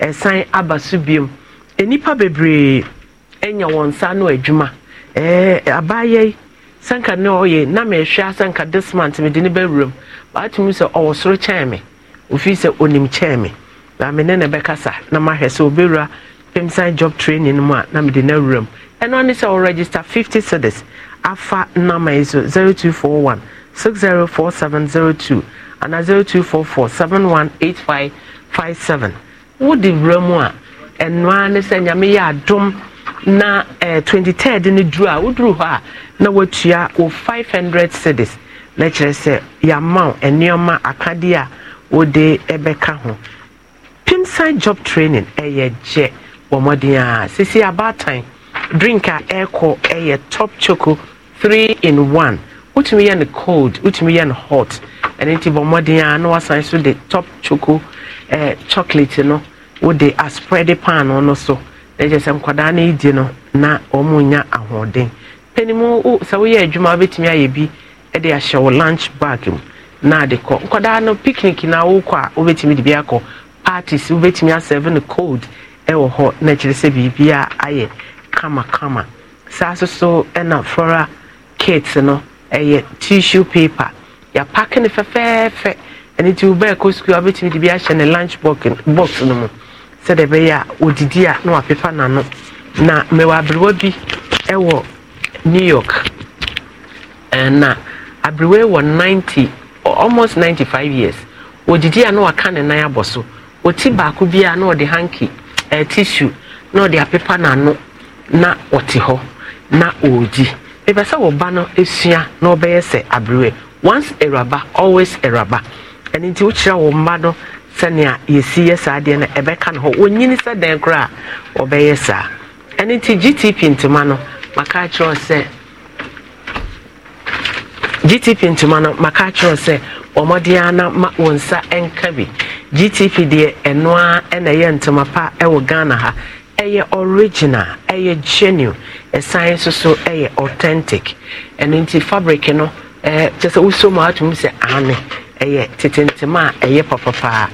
ɛsan aba so biom nnipa bebree nya wɔn nsa no adwuma ɛɛ abaayɛ yi sanka ne ɔyɛ na mɛhwɛ sanka this month mɛde ne bɛwuram baatumi sɛ ɔwɔ soro kyɛn mi ofi sɛ onim kyɛn mi maame ne na bɛkasa na mahwɛ sɛ obɛwura pemsan job training mu a na mɛde ne awuram ɛno ne sɛ ɔregister fifty cedis afa nama yi so zero two four one six zero four seven zero two ana zero two four four seven one eight five five seven wode wura mu a ɛnoa ne sɛ nyame yɛ adom na eh, twenty third no duru a woduru hɔ a na watua wo 500 cities na kyerɛ sɛ yɛama wo nneɔma akadeɛ a wode ɛbɛka ho pimsan job training ɛyɛ gyɛ wɔ mmɔden a sisi abaatan drink a ɛrekɔ ɛyɛ top choco three in one. wotumi yɛ no cold wotumi yɛ no hot ɛno nti bɔ mmɔden a na wasan so de top choco chocolate no wode aspread pan no so na ɛkyɛ sɛ nkwadaa no di no na ɔmo nya ahoɔden panimu sɛ woyɛ adwuma wobɛtumi ayɛ bi ɛde ahyɛ wo lunch bag mu na ade kɔ nkwadaa no picnic na wokɔ a wobɛtumi de bi akɔ parties wobɛtumi asɛve no cold ɛwɔ hɔ na kyerɛ sɛ biribia ayɛ kamakama saa so so ɛna flora kit no ɛyɛ tissue paper yɛapake no fɛfɛɛfɛ ɛno nti woba ɛkɔ sukuu a wobɛtumi de bi ahyɛ ne lunch box no mu sɛdeɛ ɛbɛyɛ a ɔdidi a na wapepa n'ano na mewɔ aberewa bi ɛwɔ new york na aberewa yi wɔ 90 almost 95 years ɔdidi a na waka ne nan abɔ so ɔti baako bi a na ɔde hanky ɛɛ tissue na ɔde apepa n'ano na ɔte hɔ na ɔredi mepɛ sɛ wɔba no esua na ɔbɛyɛ sɛ aberewa once awuraba always awuraba ɛno nti wokyerɛ wo mma no sɛnea yɛsi yɛ saa deɛ no ɛbɛka no hɔ ɔnyini sɛ dɛn koraa ɔbɛyɛ saa ɛno nti gtp ntoma no maka akyerɛ sɛ gtp ntoma no maka akyerɛ sɛ ɔmmɔden ana ma wɔn nsa nka bi gtp deɛ ɛno ɛna ɛyɛ ntoma pa ɛwɔ ghana ha ɛyɛ original ɛyɛ genuine ɛsan nso so ɛyɛ authentic ɛno nti fabric no ɛɛ kyɛ sɛ wosɔ mu atumi sɛ ane ɛyɛ tetentema a ɛyɛ papapaa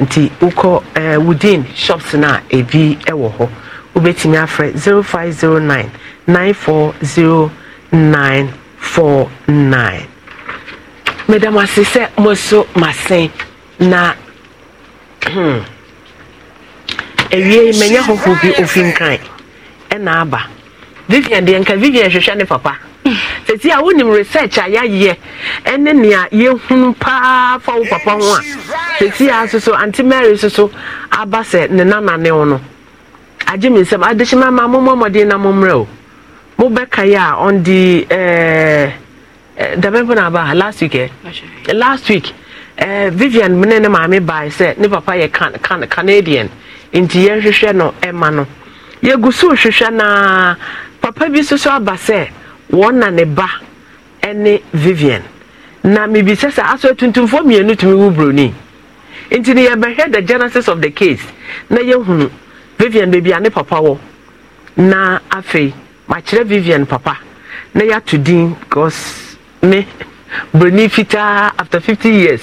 nti wokɔ ɛɛ eh, within shops na ebi ɛwɔ hɔ wobɛtumi afrɛ zero five zero nine nine four zero nine four nine medam ase sɛ mo so masen na ewie hmm, menya hɔhɔ bi ofin kan ɛna aba vivian deɛ nka vivian hwehwɛ ne papa. sɛsi a wonim research a yɛayɛ ɛne nea yɛhunu paa fa wo papa ho a sɛsi a so so ante mary so aba sɛ ne nanane wo no agye me nsɛm adehyema ma mommɔ mmɔden na mommrɛ o mobɛka yɛ a ɔnde eh, eh, dabɛmpo no aba last week eh? last week eh, vivian mene ne maame bae sɛ ne papa yɛ can, can, canadian nti yɛnhwehwɛ no ɛma no yɛgu so hwehwɛ naa papa bi soso aba sɛ wɔn na ne ba ne vivian na mebisa sɛ asɔ tuntumfoɔ mmienu tumi wu buroni nti ne yɛbɛhwɛ the genesis of the case na yɛhunu vivian baabi a ne papa wɔ na afei makyerɛ vivian papa na yɛato din because me buroni fitaa after fifty years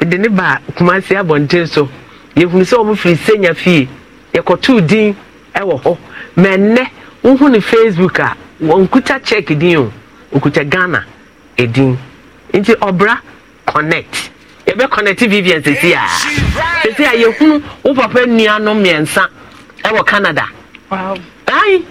de ne ba kumasi abɔnten so yɛhunu sɛ wɔn firi senya fie yɛkɔtoo din wɔ hɔ mɛ nnɛ wohu ne facebook a. ɔnkuta check din o ɔkuta ghana edin nti ɔbra connect yɛbɛ connect vivian sesi a sesi a yɛhunu wo papa nnuanom mmiɛnsa ɛwɔ e canada wow. ai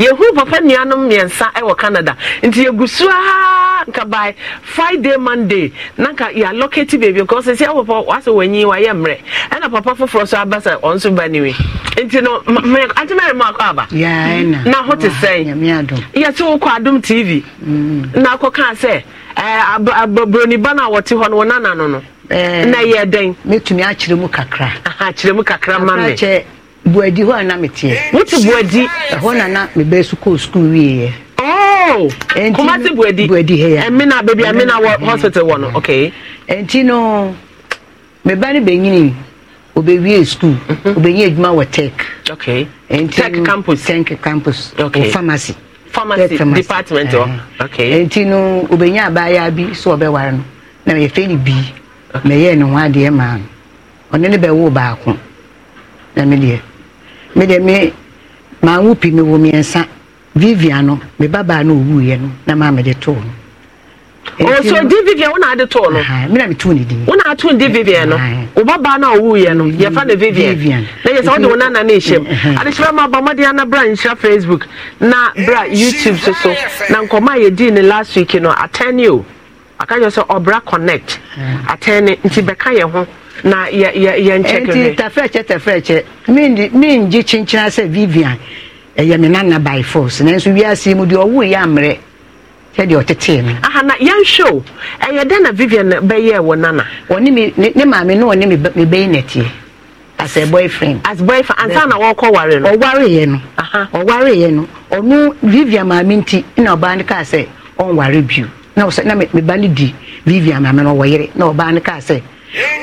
yɛhuru papa nnuanom mmiɛnsa ɛwɔ canada nti yɛgu so aa nka by friday monday na nka yɛalocate baabi nka ɔsɛ sɛ ɛwɔ wasɛ w'anyi wayɛ mmerɛ ɛna papa foforɔ so aba sɛ ɔn so ba niwe we nti no atemɛre mu akɔ aba na ho te sɛn yɛsɛ wokɔ adum tv mm. na akɔkaa sɛ abroni ba no a wɔte hɔ no wɔ nana no no na yɛ dɛn mɛtumi akyerɛ mu kakra akyerɛ mu kakra ma me buadi hɔ a meteɛ wote buadi ɛhɔ na na mebɛɛ so kɔɔ sukuu wieɛ oh! kumasi buadi buadi hɛ ɛmina beebi ɛmina wɔ hospital wɔ no okay. ɛnti no meba ne bɛnyini obɛwie sukuu mhm. obɛnyi adwuma wɔ tech tech campus tech campus Okay. pharmacy pharmacy department wɔ okay. ɛnti no obɛnyi abaayaa bi so ɔbɛware no na yɛfɛ ne bi mɛyɛ ne ho adeɛ maa no ɔne ne bɛwo baako na me me de me maa wo pi me wo mmiɛnsa vivian no me babaa no owuiɛ no na maa me de too no ọsọ oh, di vivian wọn na adi too no mi na mi too ne din wọn na ato di vivian no o ba baa naa owu yɛ no yɛ fa na vivian na yɛ sɛ ɔde wọn nana ne ehyɛm adekyerɛ mu aba ɔmɔden ana bra nhyira facebook na bra youtube soso na nkɔmɔ a yɛ di ne last week no atɛn ne o aka yɛ sɛ ɔbra connect atɛn ne nti bɛka yɛ ho. na yɛ yɛnkyɛnti tafrɛkyɛ tafrɛkyɛ mengye kyenkyena sɛ vivian ɛyɛ e me nana by force nanso wiase mu deɛ ɔwo yɛ ammerɛ kyɛ deɛ ɔtetee no aha na yɛnhwɛ o ɛyɛ e dɛn na vivian bɛyɛ wɔ nana ɔne me ne maame ne ɔne me bɛyi nɛteɛ as a boyfriend as boyfriend ansa na wɔkɔ ware no ɔwareeɛ no ɔwareeɛ no ɔno vivian maame nti na ɔbaa no kaa sɛ ɔnware bio na me ba no di vivian maame no ɔwɔ yere na ɔbaa no kaa sɛ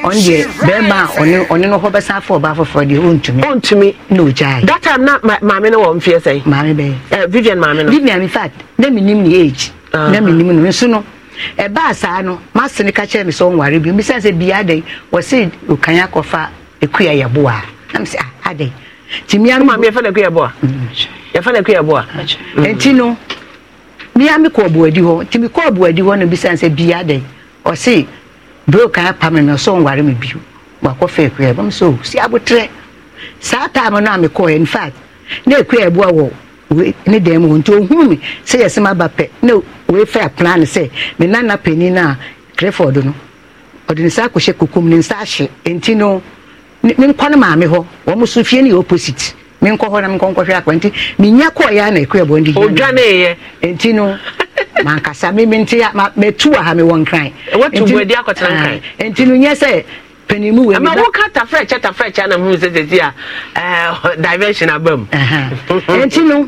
ɔno bɛrima a ɔne no hɔ bɛsa afɔ ɔba foforɔ deɛ ɔntumi ɔntumi na ɔgyae data na maame no wɔ mfeɛ sɛn maame bɛyɛ eh, vivian maame no vivian in fact na menim uh-huh. eh, ne age na menim no nso no ɛbaa saa mm, mm, mm, no mase ah, no ka kyerɛ sɛ ɔnware bi mbisa sɛ bia akɔfa na mesɛ ah nti mmea no maame no broka apam na ɔsɔ nware mi bio wakɔ fɛ ekura ɛbɛn so oh, si abotrɛ saa taama no a mi kɔɔ in fact ne ekura ɛboa wɔ ne dan mu nti ohun mi sɛ yɛsɛm aba pɛ na oe fɛ plan sɛ me nana panyin na clifford no ɔde ne nsa akɔhyɛ kokom ne nsa ahyɛ nti no ne nkɔ ne maame hɔ wɔn nso fie no yɛ opposite menkɔ hɔ na menkɔnkɔhwɛ akwa nti menya kɔɔyɛ a na ɛkɔɛbɔ ndi ɔdwaneeyɛ nti no mankasa memente mɛtu wɔ ha mewɔ nkran nti no nyɛ sɛ panimu wɛ ama woka tafrɛkyɛ tafrɛkyɛ na hu sɛ sɛsi a dimension aba mu nti no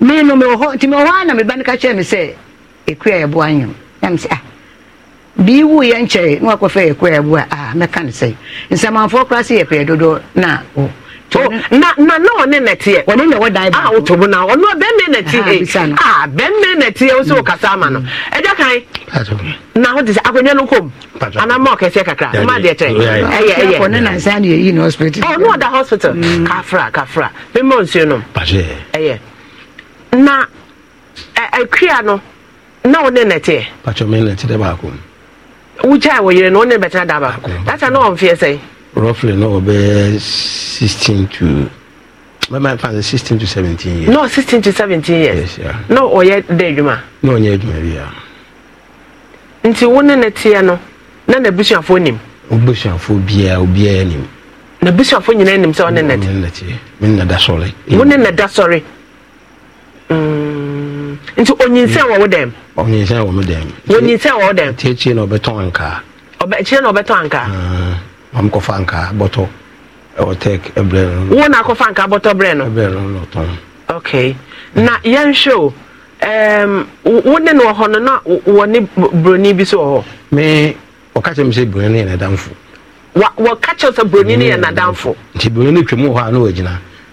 me no mewɔ hɔ nti mewɔ hɔ a na meba no ka kyerɛ me sɛ ɛkua yɛboa nwom na mesɛ ah bii wu yɛ nkyɛe na wakɔfɛ yɛkua yɛboa ah mɛka ni sɛ nsamanfoɔ koraa sɛ yɛpɛyɛ dodoɔ na wo oh. na na na ɔne nɛteɛ ɔne na wɔda a o na ɔno bɛmɛ nɛteɛ a bɛmɛ nɛteɛ o si o kasa ama no e kan na ho te sɛ akonnwa no kom kakra ma deɛ kyerɛ ɛyɛ ɛyɛ ɔne na nsa ne yɛyi na hospital ɔno eh, ɔda hospital mm. kafra kafra nsuo ɛyɛ na e, e, na ɔne na roughly no be 16 to my mind finds 16 to 17 years no 16 to 17 years no or yet they do ya. nti wone ne tia no na na busuafo nim busuafo bia obi a nim na busuafo nyina nim sɛ ne tia nne tia na da sori wone ne da sori mm nti onyinsa wo dem onyinsa wo dem onyinsa wo dem tia tia no beton anka obe tia no beton anka maame kɔfa nkaa bɔtɔ ɛwɔ tɛk ɛbrɛ no. wọn e na akɔfa nkaa bɔtɔ brɛ no. ɛbrɛ no na ɔtɔn. okay na yɛn hwɛ um, o wọn ne no wɔ hɔ no na wɔ ne broni bi so wɔ hɔ. mi ɔka kyerɛ mi sɛ broni no yɛ n'adamfo. wa wɔka kyerɛ sɛ broni no yɛ n'adamfo. nti broni no twɛm wɔ hɔ a na wɔgyina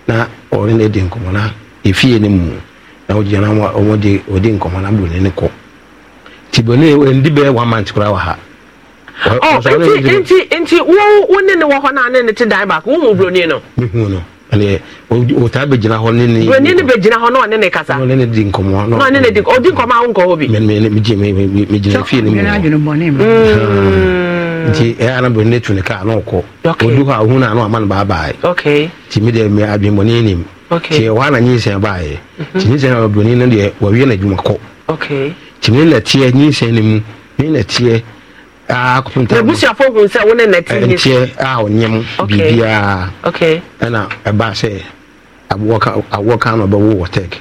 na ɔne ne di nkɔmɔ na efie ne mu na wɔgyina na wɔde wɔde nkɔmɔ na broni no kɔ nti broni e ndi bɛyɛ one month koraa wɔ ha. Oh, nti nti wo wo ne ne wɔ hɔ na ne ne te dan baako wo mu broni no. mihu no ɛnɛ o taa bɛ gyina hɔ ne ne. broni ne bɛ gyina hɔ na ɔne ne kasa. ɔne ne di nkɔmɔ. na ɔne ne di ɔdi nkɔmɔ awo nkɔ hɔ bi. mɛ mɛ mi gyina mi mi gyina fie ne mu. Mm. nti ɛ ana bɛ ne tu ne kaa n'o kɔ. o du hɔ ohun na ano ama ne baa baa ye. ti mi de mi adwin bɔ ne nim. ti wa na nyinsɛn baa ye. Mhm. ti nyinsɛn broni ne deɛ wa wiye na adwuma kɔ. ti mi lɛ tiɛ nyinsɛn ne mu mi lɛ tiɛ. abusuafoɔ ah, hu sɛ wone nɛteɛ a biribiaa ɛna ɛba sɛ awoɔ ka no ɔbɛwo wɔ tek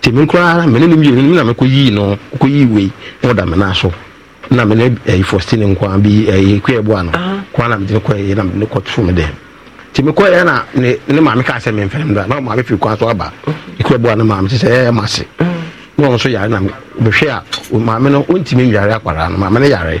nti me koraa mene no na mekɔ yii no yii wei na ɔda me so na mene eh, nkoa eh, bi no na mede na mene me dɛ nti mekɔ yɛ na ne maame kaa sɛ eh, da na maame firi mm. so aba no maame sɛ se na yare na a maame no ɔntimi akwaraa no maame no yare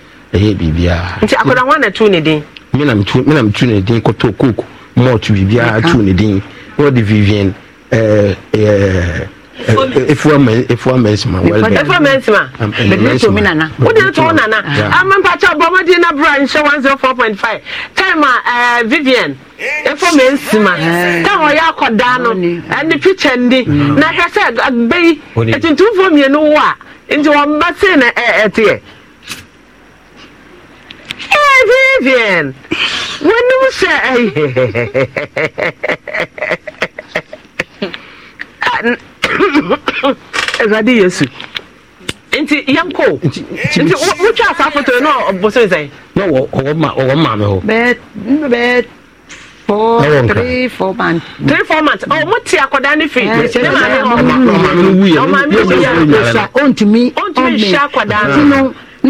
ɛyɛ biribiara nti akwadaa wa na tu ne din menam tu menam tu ne din kɔtɔ coke malt biribiara tu ne din wɔde vivian ɛɛ eh, ɛɛ eh, eh, efuwa mɛ efuwa mɛnsima wɛli bɛ efuwa mɛnsima bɛtɛ to mi nana o de to o nana ama mpatsɛ bɔnmɔden na bura n ṣe one zero four point five time ɛɛ vivian efuwa mɛnsima time ɔyɛ akɔdaa no ɛni picture ndi na hwɛ sɛ bɛyi etuntumfoɔ mmienu wɔ a nti wɔn ba se na ɛɛ ɛteɛ. Vivian, when you say. Awurade Yesu. Nti yankɔ. Nti wotwa asa foto yi na ɔbɔsɛn sɛn. Na wɔ ɔwɔ ma ɔwɔ maame hɔ. Bɛɛ bɛɛ four three four months. three four months ɔ mo ti akɔda ne fi. ɛɛ maame ɔmaami wuya ɔmaami wuya ɔntumi ɔntumi nhyɛ akɔda.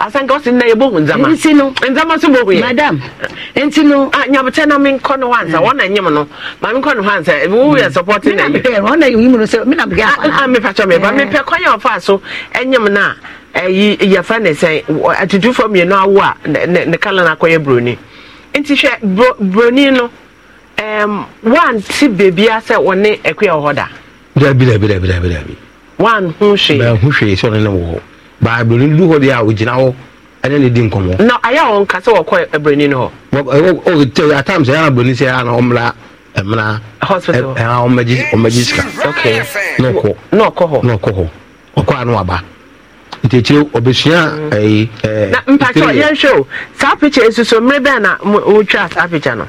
asanka ɔsi nnɛ yɛ bohu nzama nti no nzama so bohu yɛ madam nti no ah, a nyabotɛ na mi nkɔ no hansa wɔn na nyim no ma mi nkɔ no hansa ebi wo yɛ sɔpɔti na yi minapɛ wɔn na yi mu no sɛ minapɛ afa a mipatɔ mipa mipɛ kwan yɛ ɔfa so ɛnyim na ɛyi yɛfa ne sɛn atutufo mienu awo a ne ne kala na akɔyɛ broni nti hwɛ bro broni um, eh, eh, no ɛɛm wanti beebi asɛ wɔne ɛkuya wɔ hɔ da. dabi dabi dabi dabi dabi. wan ho hwee. bɛn ho hwee sɛ ne wɔ hɔ. baabiruni du hɔ di a ogyina hɔ ɛne ne di nkɔmɔ. na ayé àwọn nkasa wɔ kɔ ebirinin hɔ. wɔ ɔ tẹ atam sɛ yàrá birinin sɛ na ɔmla ɛmla hospital ɛhàn ɔmɛji ɔmɛji sika. okay ọkọ n'ɔkɔ hɔ n'ɔkɔ hɔ ɔkɔ anu aba nti ɔbɛsua ɛyi ɛɛ. na mpatɔ yɛn saa picture esusu mmiri bɛn na mo saa picture no.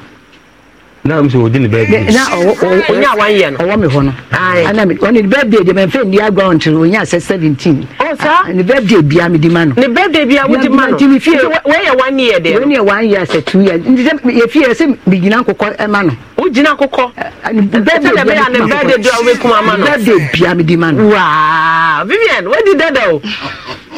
na m sɛ wɔdi ne bɛɛbi na ɔnya one year no ɔwɔ me hɔ no ana me ɔne ne bɛɛbi de mɛmfɛ nni agorɔ ntere ɔnya sɛ seventeen ɔsa ne bɛɛbi bia mede ma no ne bɛɛbi bia one year deɛ wɔne yɛ one year sɛ two years nti sɛ yɛfie sɛ megyina nkokɔ ma no wogyina kokɔ sɛdɛ bɛyɛ ne bɛɛbi do a wobɛkum ama no bɛɛbi bia mede ma no vivian wadi dada o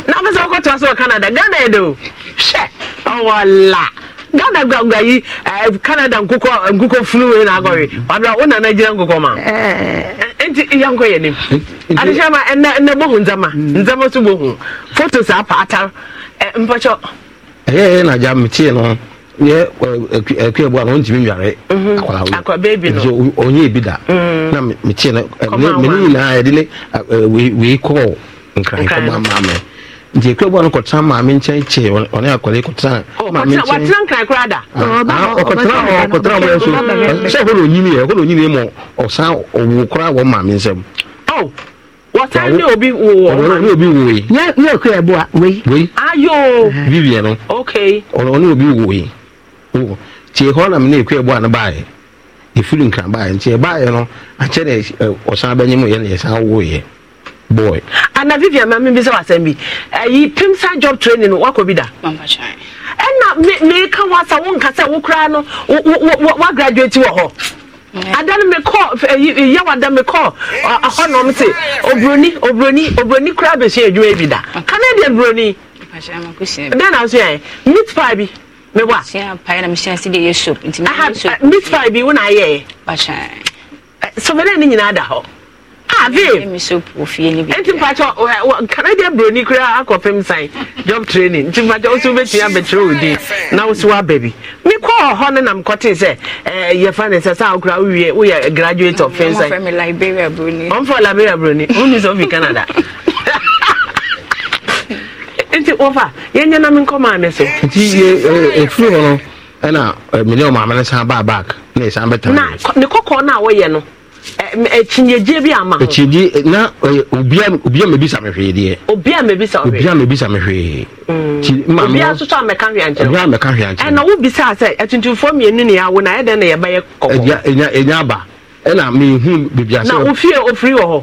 na pɛ sɛ wokɔtoa sɛ wɔ canada ghana yɛ de o hyɛ ɔwɔla ghana gbagba yi eh, canada nkokɔ nkokɔ funu wei na akɔwe wadra wo nana gyina nkokɔ ma nti yɛnkɔ yɛ nim adehyɛ ma nne Nne bohu ndzama ndzama so bohu Fotos apa atar eh, mpɔkyɛ Ee, eh, yɛ na gya metee no yɛ akuabu a na ɔntumi nware akwarawonso onye ebi da mhm. na metee no mene nyinaa yɛde ne wei kɔɔ nkran kɔmɔ ama me nti ekura bɔ no kɔtena maame nkyɛn kyɛ ɔne akɔle kɔtena oh, maame nkyɛn wɔtena nkran kora da ɔkɔtena hɔ ɔkɔtena hɔ nso sɛ ɔkɔ na onyini yɛ ɔkɔ na onyini mu ɔsan ɔwu kora wɔ maame nsam. Oh, wɔsan ne obi wo ɔno ne obi wo yi. ne ne okura bua wei. wei ayo. vivian no. okay. ɔno ne obi wo yi wo tie hɔ na mi ne ekura bua ne baa yɛ efiri nkran baa yɛ nti ɛbaa no akyɛ boy. ana vivian maame bi sɛ eh, wasɛm bi ayi pim sa job training wakɔ bi da. ɛna eh, meka wasa wo nka sɛ wokora no wagraduate wɔ hɔ ada no mekɔ eh, yɛ wada mekɔ ahɔnom obroni oburoni oburoni oburoni koraa bɛsua adwuma bi da canadian buroni dɛn na soɛ meat pie bi mebɔa meat pie bi wo na ayɛɛ sɔmɛdɛ ne nyinaa da hɔ Ah, nti mpakyɛ oh, eh, oh, canadian broni koraa akɔpem san job training nti mpakyɛ wo so wobɛtumi abɛkyerɛ wo din na wo so woaba bi mekɔɔ hɔ no na mekɔtee sɛ yɛfa ne sɛ saa wokora wowie woyɛ graduate of fensan ɔmfa liberia broni woni sɛ wofi canada nti wɔfa oh, yɛnyɛ na menkɔmaa ne so nti eh, eh, hɔ no ɛna mene ɔmaame no san baa back na ɛsan bɛtane kɔkɔɔ no a wɔyɛ no ekyinyegye bi ama ho ekyinyegye na obia obia mebi sa me hwee deɛ obia mebi sa hwee obia mebi sa me hwee mm. ti maa mi obia soso ameka hwee ankyɛn obia ameka hwee ankyɛn ɛna wo bisa sɛ atuntumfoɔ mmienu ne awo na ɛdɛn na yɛbɛyɛ kɔkɔ ɛnya ɛnya aba ɛna mehu bibi ase na ofie ofiri wɔ hɔ.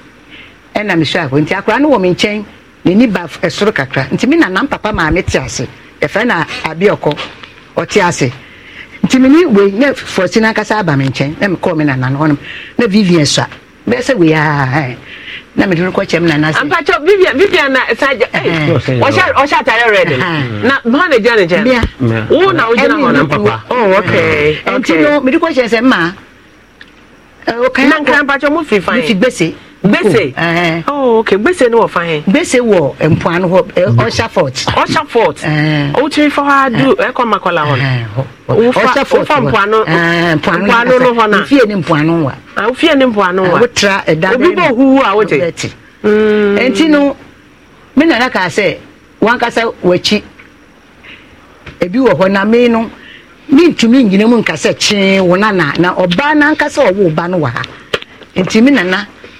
ɛna mehyɛ nti akora no wɔ me nkyɛn n'ani ba soro kakra nti na nam papa maame te ase na no abiɔkɔ ɔte ase nti me ne wei nyɛ fɔsi aba me nkyɛn na mekɔɔ me na no hɔnom na vivian sua sɛ wei aa na na vivian vivian na sagya ɔhyɛ atare red na hɔ na gyina ne nkyɛn wo na wogyina papa oh, ok nti no sɛ na mo fan gbese. Oh, ok gbese ni wọ fan yẹn. wọ mpoano hɔ ɔsha fort. ɔsha fort ha du ɛkɔ hɔ. ɔsha fort wɔ mpoano mpoano no hɔ ofie ni mpoano wa. ofie ni mpoano wa awotra obi awo no mi nana k'a sɛ w'akyi ebi wɔ na mi no mi ntumi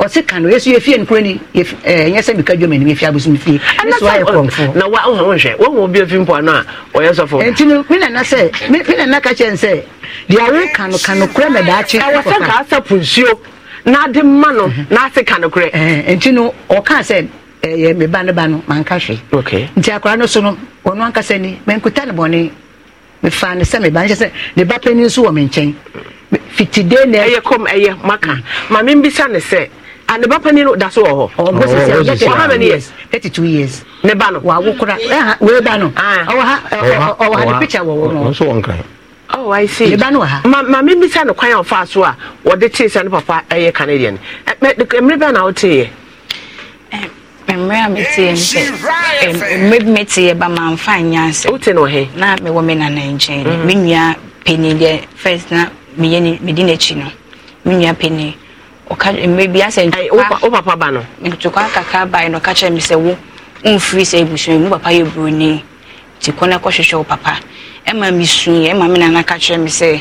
ɔsi kan no esu efie nkuro ni ɛnyɛ sɛ mika dwom anim efie abosom fie esu ayɛ kɔnfo. na wa ɔhɔn hwɛ wɔn mu obi efi mpo ano a ɔyɛ sɔfo. nti no mi nana sɛ mi nana ka kyɛn sɛ deɛ awo kan no kan no kura mɛ daakye. ɛwɔ sɛ kaa sɛ punsuo n'ade mma no mhm. n'ase kan no kura. nti no ɔkan sɛ ɛyɛ mi ba ne ba no maa nka hwɛ. nti akora no so no ɔno ankasa ni mɛ nkuta ne bɔnne mɛ fa ne sɛ mɛ ba ne sɛ ne ba panyin nso wɔ me nkyɛn fitide na ɛyɛ kɔm ɛyɛ maka mm. maame mbisa ne sɛ ne da so wɔ hɔ. ɔwɔ sisi ɔyɛ kɛ how many years. thirty two years. ne ba no. wawo kura ɛha wee ba no. ɔwɔ ha ɔwɔ ha picture wɔ wɔn kan. ne ba no ha. ma maame mi sa ne kwan a ɔfa so a wɔde tee ne papa ɛyɛ eh, Canadian ɛ mmiri a n ba ma na mm-hmm. ah, na nkyɛn nua na ɔka mmebi asɛ wo papa ba no ntokwa kakra bae no ɔka kyerɛ me sɛ wo mfiri sɛ abusua mu papa yɛ buroni nti kɔ no kɔhwehwɛ wo papa ɛma mesuiɛ ɛma me nana ka kyerɛ me sɛ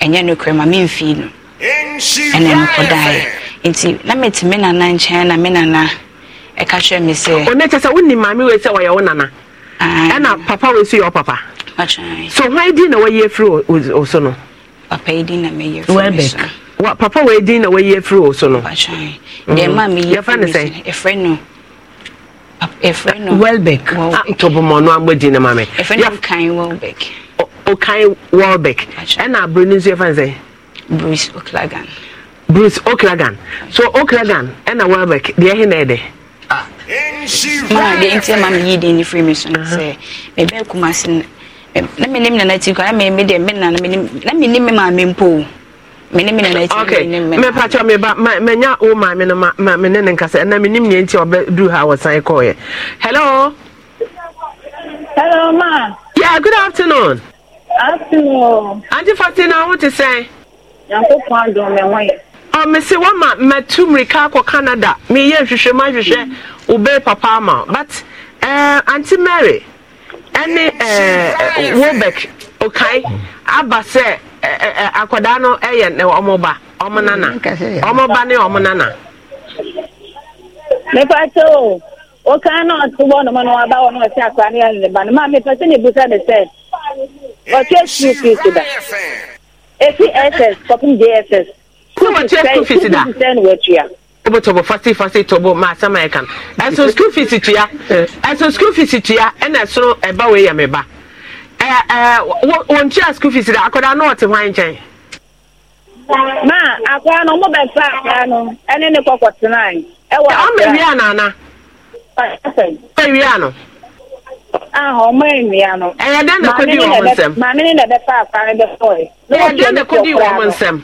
ɛnyɛ no korɛ ma memfii no ɛne mekɔdaeɛ nti na mete me nana nkyɛn na me nana ɛka kyerɛ me sɛ ɔnɛ kyɛ sɛ wonim maame wei sɛ wɔyɛ wo nana ɛna papa wei so yɛ wo papa so hwan din na wɔyɛ afiri wo so no papa yi din na mɛyɛ afiri so wa papa wɔ edin na wɔyi efiri wɔ so no. deɛ mm. maa mi yi efiri mi efiri no efiri no welbeck ah, tɔbɔmɔ no agbɛ din na maa mi. efiri no kan welbeck. okan welbeck ɛna aburo ni nso yɛ fan sɛ. bruce oklagan. bruce oklagan so oklagan ɛna welbeck deɛ ɛhin ah. na ɛdɛ. maa deɛ nti maa mi yi din ni firi mi so no sɛ mɛ bɛɛ kumasi na mɛ ne mi nana ti kɔ na mɛ mi deɛ mɛ nana mɛ ne mi maame mpo o mene mene na ɛkyɛ okay. mene mene mepa kyɛ meba manya wo maame no ma mene ne nkasa ɛna menim neɛ nti ɔbɛduru ha wɔsan kɔɔyɛ hello hello ma yeah good afternoon afternoon ante fatina wo te sɛn nyankopɔn adom me ho yɛ ɔ mese ma matu mmirika akɔ canada meyɛ nhwehwɛ ma nhwehwɛ wobɛ papa ama but uh, mary ɛne uh, wobek okay mm. aba sɛ Eh, eh, eh, akwadaa no yɛ ɔmo ba ɔmo mm, nana ɔmo ba ne ɔmo nana. mepa kyɛ o woka na ɔte bɔ nom no waba wɔ no ɔte akora no yɛne ne ba no ma mepɛ sɛ ne busa ne sɛ ɔkyɛ suu fees da ɛfi ss kɔpem jss wobɛtɔbɔ fase fase tɔbɔ ma asɛm a ɛka no ɛso school fees tua ɛso school fees tua ɛna ɛsoro ɛba wei ba wɔntua school fees da akwadaa na ɔte nkyɛn. ma akwadaa no mo bɛfa akwaa no ɛne ne kɔkɔ tenae ɛwɔ akwadaa. ɔmo ewia nana. ɔmo ewia no. ahọ ọmọ ènìyàn no. ɛyɛ eh, dɛn na kodi wɔn nsɛm. maame ne na bɛfa akwadaa no eh, na kodi wɔn nsɛm.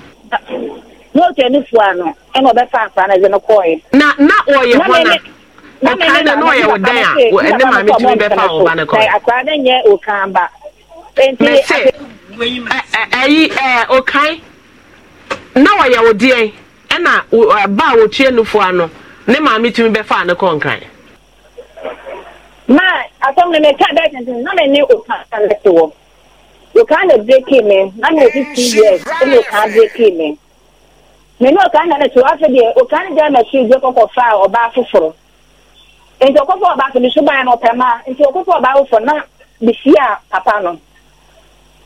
n'otu ɛni fu ano ɛna no kɔɔ na na ɔyɛ na. na n'ɔyɛ a ɛne maame ɔba ɛyi ɛɛ ɔkan na wɔyɛ wɔ deɛ ɛna ɛba a maame tumi bɛfa ne maa na mɛka bɛɛ tenten na mɛ ne ɔkan ɛte wɔ ɔkan na breki mi na mɛ ɛna ɔkan breki mi mɛ ne ɔkan na ne to afɛ deɛ ɔkan deɛ na fi gye kɔkɔ fa ɔbaa foforɔ nti ɔkɔfɔ ɔbaa na ɔpɛ maa nti ɔkɔfɔ ɔbaa na bisi papa no.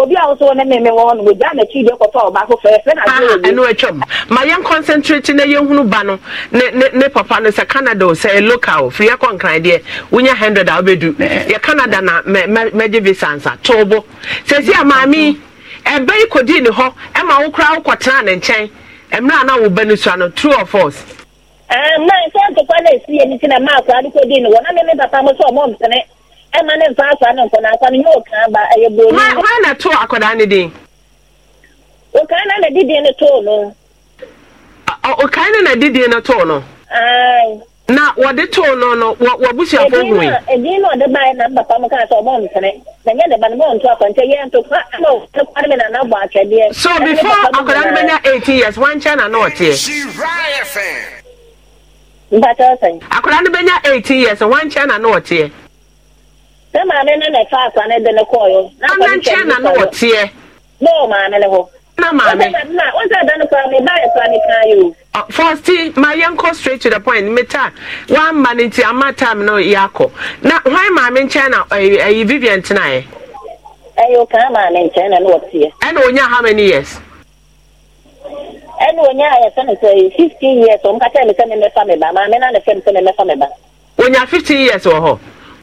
obi a wosow ne mmemme wɔn no wogya n'akyi deɛ kɔfa ɔbaako fɛɛfɛ na adeɛ ah, ɛnu atwam ma yɛn concentrate na yɛn hunu ba no ne ne ne papa no sɛ canada o sɛ local firi akɔ nkran deɛ wonya hundred a wobɛdu yɛ canada na mɛ mɛ mɛgye bi sansa toobo sɛsi a maame ɛbɛ yi kodii ne hɔ ɛma wokura wokɔtena ne nkyɛn mmerɛ a na wo bɛ ne sua no true or false. ɛɛ mmaa nsa ntɔkwa na esi yɛ ne ti na mmaa akora de kodii ne hɔ na ne ne papa mo sɛ ɔmo nsene. ɛma ne nfa asa ne nkɔ n'asa ne yɛ okan ba ɛyɛ buroni. hɔn ha na to akwadaa ne den. okan na na didi ne to no. okan na na didi ne to no. na wɔde to no no wɔ wɔbusuafo hu yi. edin na ɔde baa na papa mu kan sɛ ɔbɔ nsene na nyɛ deba ne bɔ nto akɔnte yɛ nto fa ama o ne kwari mi na na bɔ atwɛdeɛ. so before akwadaa no bɛnya eighteen years wɔn nkyɛn na na ɔteɛ. mpata ɔsɛn. akwadaa no bɛnya eighteen years wɔn nkyɛn na na ɔteɛ. na maame na na ɛfa akwa no de no kɔɔ nanankyɛ na no wɔteɛ na ɔ maame no hɔ na maame wosɛ da no koraa meba yɛ koraa ne kaa yɛ o fɔsti ma yɛnkɔ straight to the point meta woamma no nti ama time no yɛakɔ na hwan maame nkyɛn na ɛyi vivian tenaeɛ ɛyɛ ɔkaa maame nkyɛn na ne wɔteɛ ɛna ɔnya how many years ɛna ɔnya a yɛsɛ no sɛ eh, fifteen years ɔmka kyɛ me sɛ memɛfa me ba maame na ne fɛ me sɛ memɛfa me ba fifteen years wɔ hɔ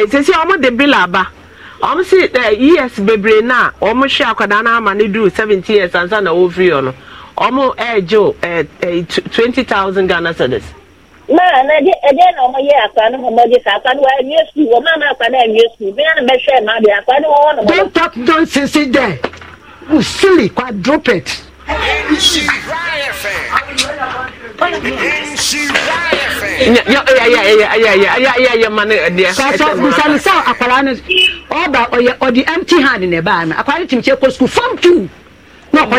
esisi ọmụ dị bill aba ọmụ si eh, years bebree na ọmụ hwe akwadaa n'ama ama ne 17 years ansa na ofiri ọ no ọmụ ejo eh, 20000 eh, ghana cedis. maa na ɛdi ɛdi na ɔmo yɛ akwa no ɔmo di sa akwa no wa ɛwie sukuu wɔn ama akwa no ɛwie sukuu ya na bɛhwɛ maa bi akwa n'ụwa wɔn wɔn. don't talk nonsense there you silly quadruped. misanisa akwara no ɔba ɔyɛ ɔde empty hand na ɛbaa no akwara tim kyɛ kɔ sukuu fam tu na ɔkɔ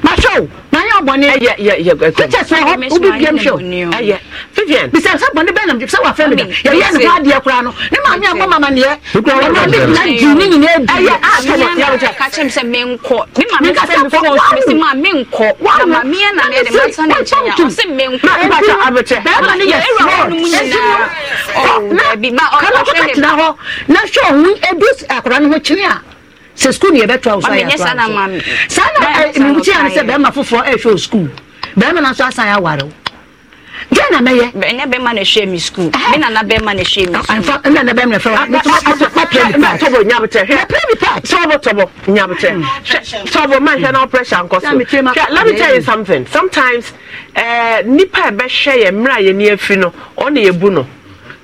Ma mahyɛw na ni yɛ abɔne teachers wɔ hɔ wobi biam hwɛw vivian bisa sɛ bɔne bɛ nam sɛ wafɛ me da yɛyɛ ne ho adeɛ koraa no ne maame ammɔ mamaneɛ ɔnade na gyi ne nyinaa ɛyɛ asɛmkyerɛm sɛ menkɔ bɛrima no yɛ srɔbi kalakɔtɔ tena hɔ na hwɛ ɔho adus akora no ho kyene a sɛ skul ne yɛbɛtoa wo so ayɛ saa na mewukyi eh, ane sɛ bɛrima foforɔ ɛhwɛ o skul bɛrima no nso asan aware wo jẹ́ na mẹ́yẹ. ẹnẹ bẹ́ẹ̀ ma na ṣe mi skul mi nana bẹ́ẹ̀ ma na ṣe mi skul. nfa ẹnna ẹnna bẹ́ẹ̀ mi na fẹ́ wa. ma pẹ́ mi part. tọ́bọ̀ nyamutẹ. ma pẹ́ mi part. tọ́bọ̀ tọ́bọ̀ nyamutẹ. tọ́bọ̀ máa ń hẹ́ náà pressure nkọ so. let me tell you something sometimes nípa ẹ̀ bẹ́ hwẹ́ yẹ mìíràn yẹ ní efi nọ ọ́ na yẹ bu nọ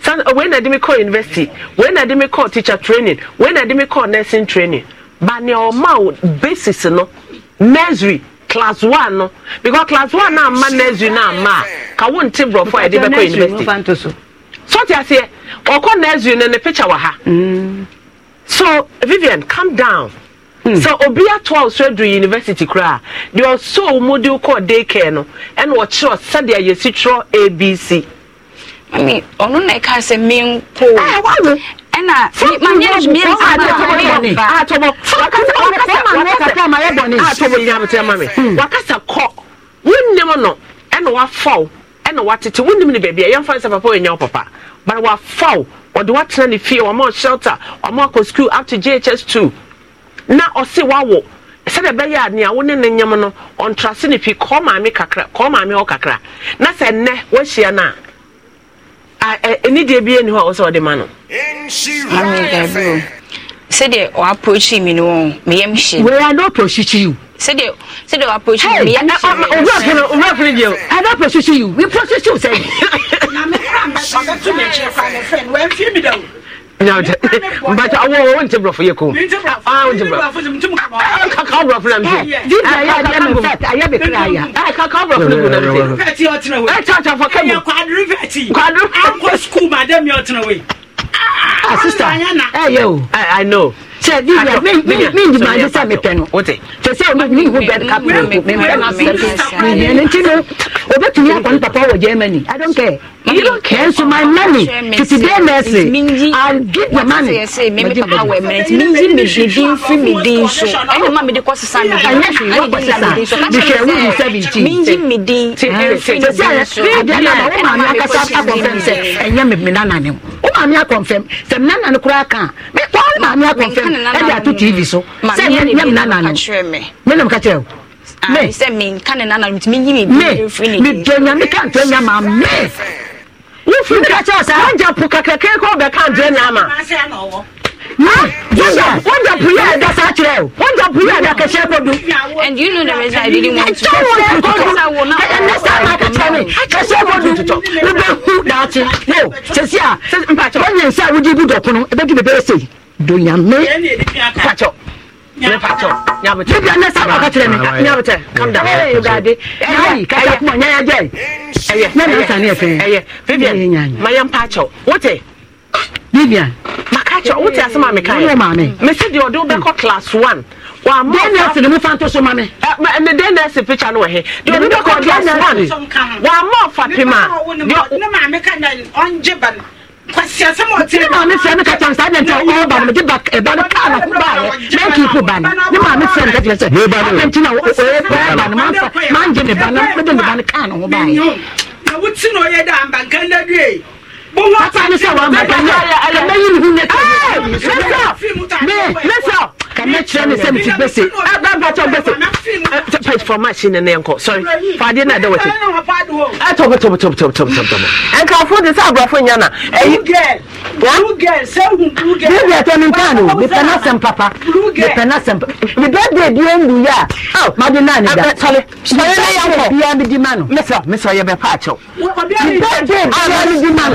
wẹ́n na dimi kọ́ university wẹ́n na dimi kọ́ teacher training wẹ́n na dimi kọ́ nursing training bani ọma o basis no nursery class one no because class one na ama nursery na ama a ka wo nti borɔfo a yɛde bɛkɔ university sɔte aseɛ ɔkɔ nursery no ne picture wɔ ha mm. so vivian calm down hmm. So obi ato a ɔsoro adu university koraa di ɔsɔ wɔn mu de day care no ɛna ɔkyerɛ sɛdeɛ yɛsi twerɛ abc. mami ɔno na ɛka sɛ mi nko. ɛɛ wɔn mi na ma nyɛ ne mmiri sɛ atɔmɔ atɔmɔ wakasa wakasa ma me kakra ma yɛ bɔne atɔmɔ nyɛ abɛtɛ ma me wakasa kɔ wonnim no ɛna wafaw ɛna watete wonnim ne baabi a yɛmfa ne sɛ papa ɔnyɛ wo papa but wafaw ɔde watena ne fie wɔma shelter wɔma akɔ school up to JHS2 na ɔse wawo sɛdeɛ ɛbɛyɛ a nea wo ne ne nyɛm no ɔntrase ne pii kɔɔ maame kakra kɔɔ maame hɔ kakra na sɛ nnɛ woahyia no a ɛni deɛ bi ɛni hɔ a wɔsɛ ɔde ma no. mami gabriel sɛdeɛ wɔaprochi mi ni wɔn meyam hyɛ. wei i no approach you. sɛdeɛ sɛdeɛ wɔaprochi mi meyam uh, hyɛ. owurɔ funu owurɔ funu deɛ i no approach you we approach you sɛ. na mi kura mi ɔbɛtu mi ɛkyɛ fa mi fɛ wɛn fi mi dɛ o mbata awo wo nti brɔfo yɛ kom awo nti brɔfo kakao brɔfo nam se jibia yɛ adi ɛmu fɛt ayɛ bi kira ya kakao brɔfo nam nam se fɛti ɔtena wei ɛta ɔtena fɔ kɛmu ɛyɛ kwadiri fɛti kwadiri akɔ sukuu ma dɛm yɛ ɔtena wei a sista ɛyɛ o i know kyɛ divia mengyima ade sɛ mepɛ no kyɛ sɛ mehu bɛd cap mempɛ no asɛmehia nti no wɔbɛtumi akɔ no papa wɔ germany i don't care you don't care so my money to today mercy i'll give the money meme papa wɔ mmerɛ nti mengye mehwedin firi me din so ɛne ma mede kɔsesa mengye me din womaame akasa akɔmfɛm sɛ ɛnyɛ me nanane womaame akɔmfɛm sɛ menanane koraa ka mekɔ maame akɔmfɛm ɛde ato tv so sɛ nyam nana ka kyerɛ ah, megya nyame ka ntoa nyama me wofiri ka kyɛw sɛ agya po kakrakra kɔ bɛka ntoa nyama wọ́njà puyi ẹ̀dá sákyerẹ́ o wọ́njà puyi and you know the reason i really want to. ẹ̀jẹ̀ wọ̀ ẹ̀ do nyame pakyɛw mepakyɛw nyabetɛbia nɛ sa baka kyerɛ me nyabetɛ kam da ade nayi kasa kuma nyaya gyɛ ɛyɛ na nansa ne ɛfɛ ɛyɛ vivian mayɛ mpa akyɛw wote vivian maka akyɛw wote asɛm a meka yɛ maame mese deɛ ɔde wobɛkɔ class one dns ne mefa nto so ma me ne dns picture no wɔ he deɛ ɔde wobɛkɔ class one wɔama ɔfa pem a kwasi asɛm ɔtí ne maame sɛ ne ka kyɛn saa nɛnta ɔwɔ ba no gye ba no kaa na ko ba yɛ mɛn kii ko ba no ne maame sɛ ne ka kyerɛ sɛ apɛnti na ɔyɛ bɛɛ ba no manfa mangye ne ba no mɛde kana kyerɛ ne sɛ mete gbese ababatɔ gbese page for machine ne nkɔ sorry faadeɛ no ada wɔte atɔbɔtɔbɔtɔbɔtɔbɔtɔbɔ nkaafo de sɛ aborɔfo nya na ɛyibebi ɛtɔ ne nkaa no mepɛ no asɛm papa mepɛ no asɛm mebɛ de bia ndu yɛ a made no ane da sɔre sɔre no yɛnkɔ bia mede ma no mesrɛ mesrɛ yɛbɛpa akyɛw mebɛ de bia mede ma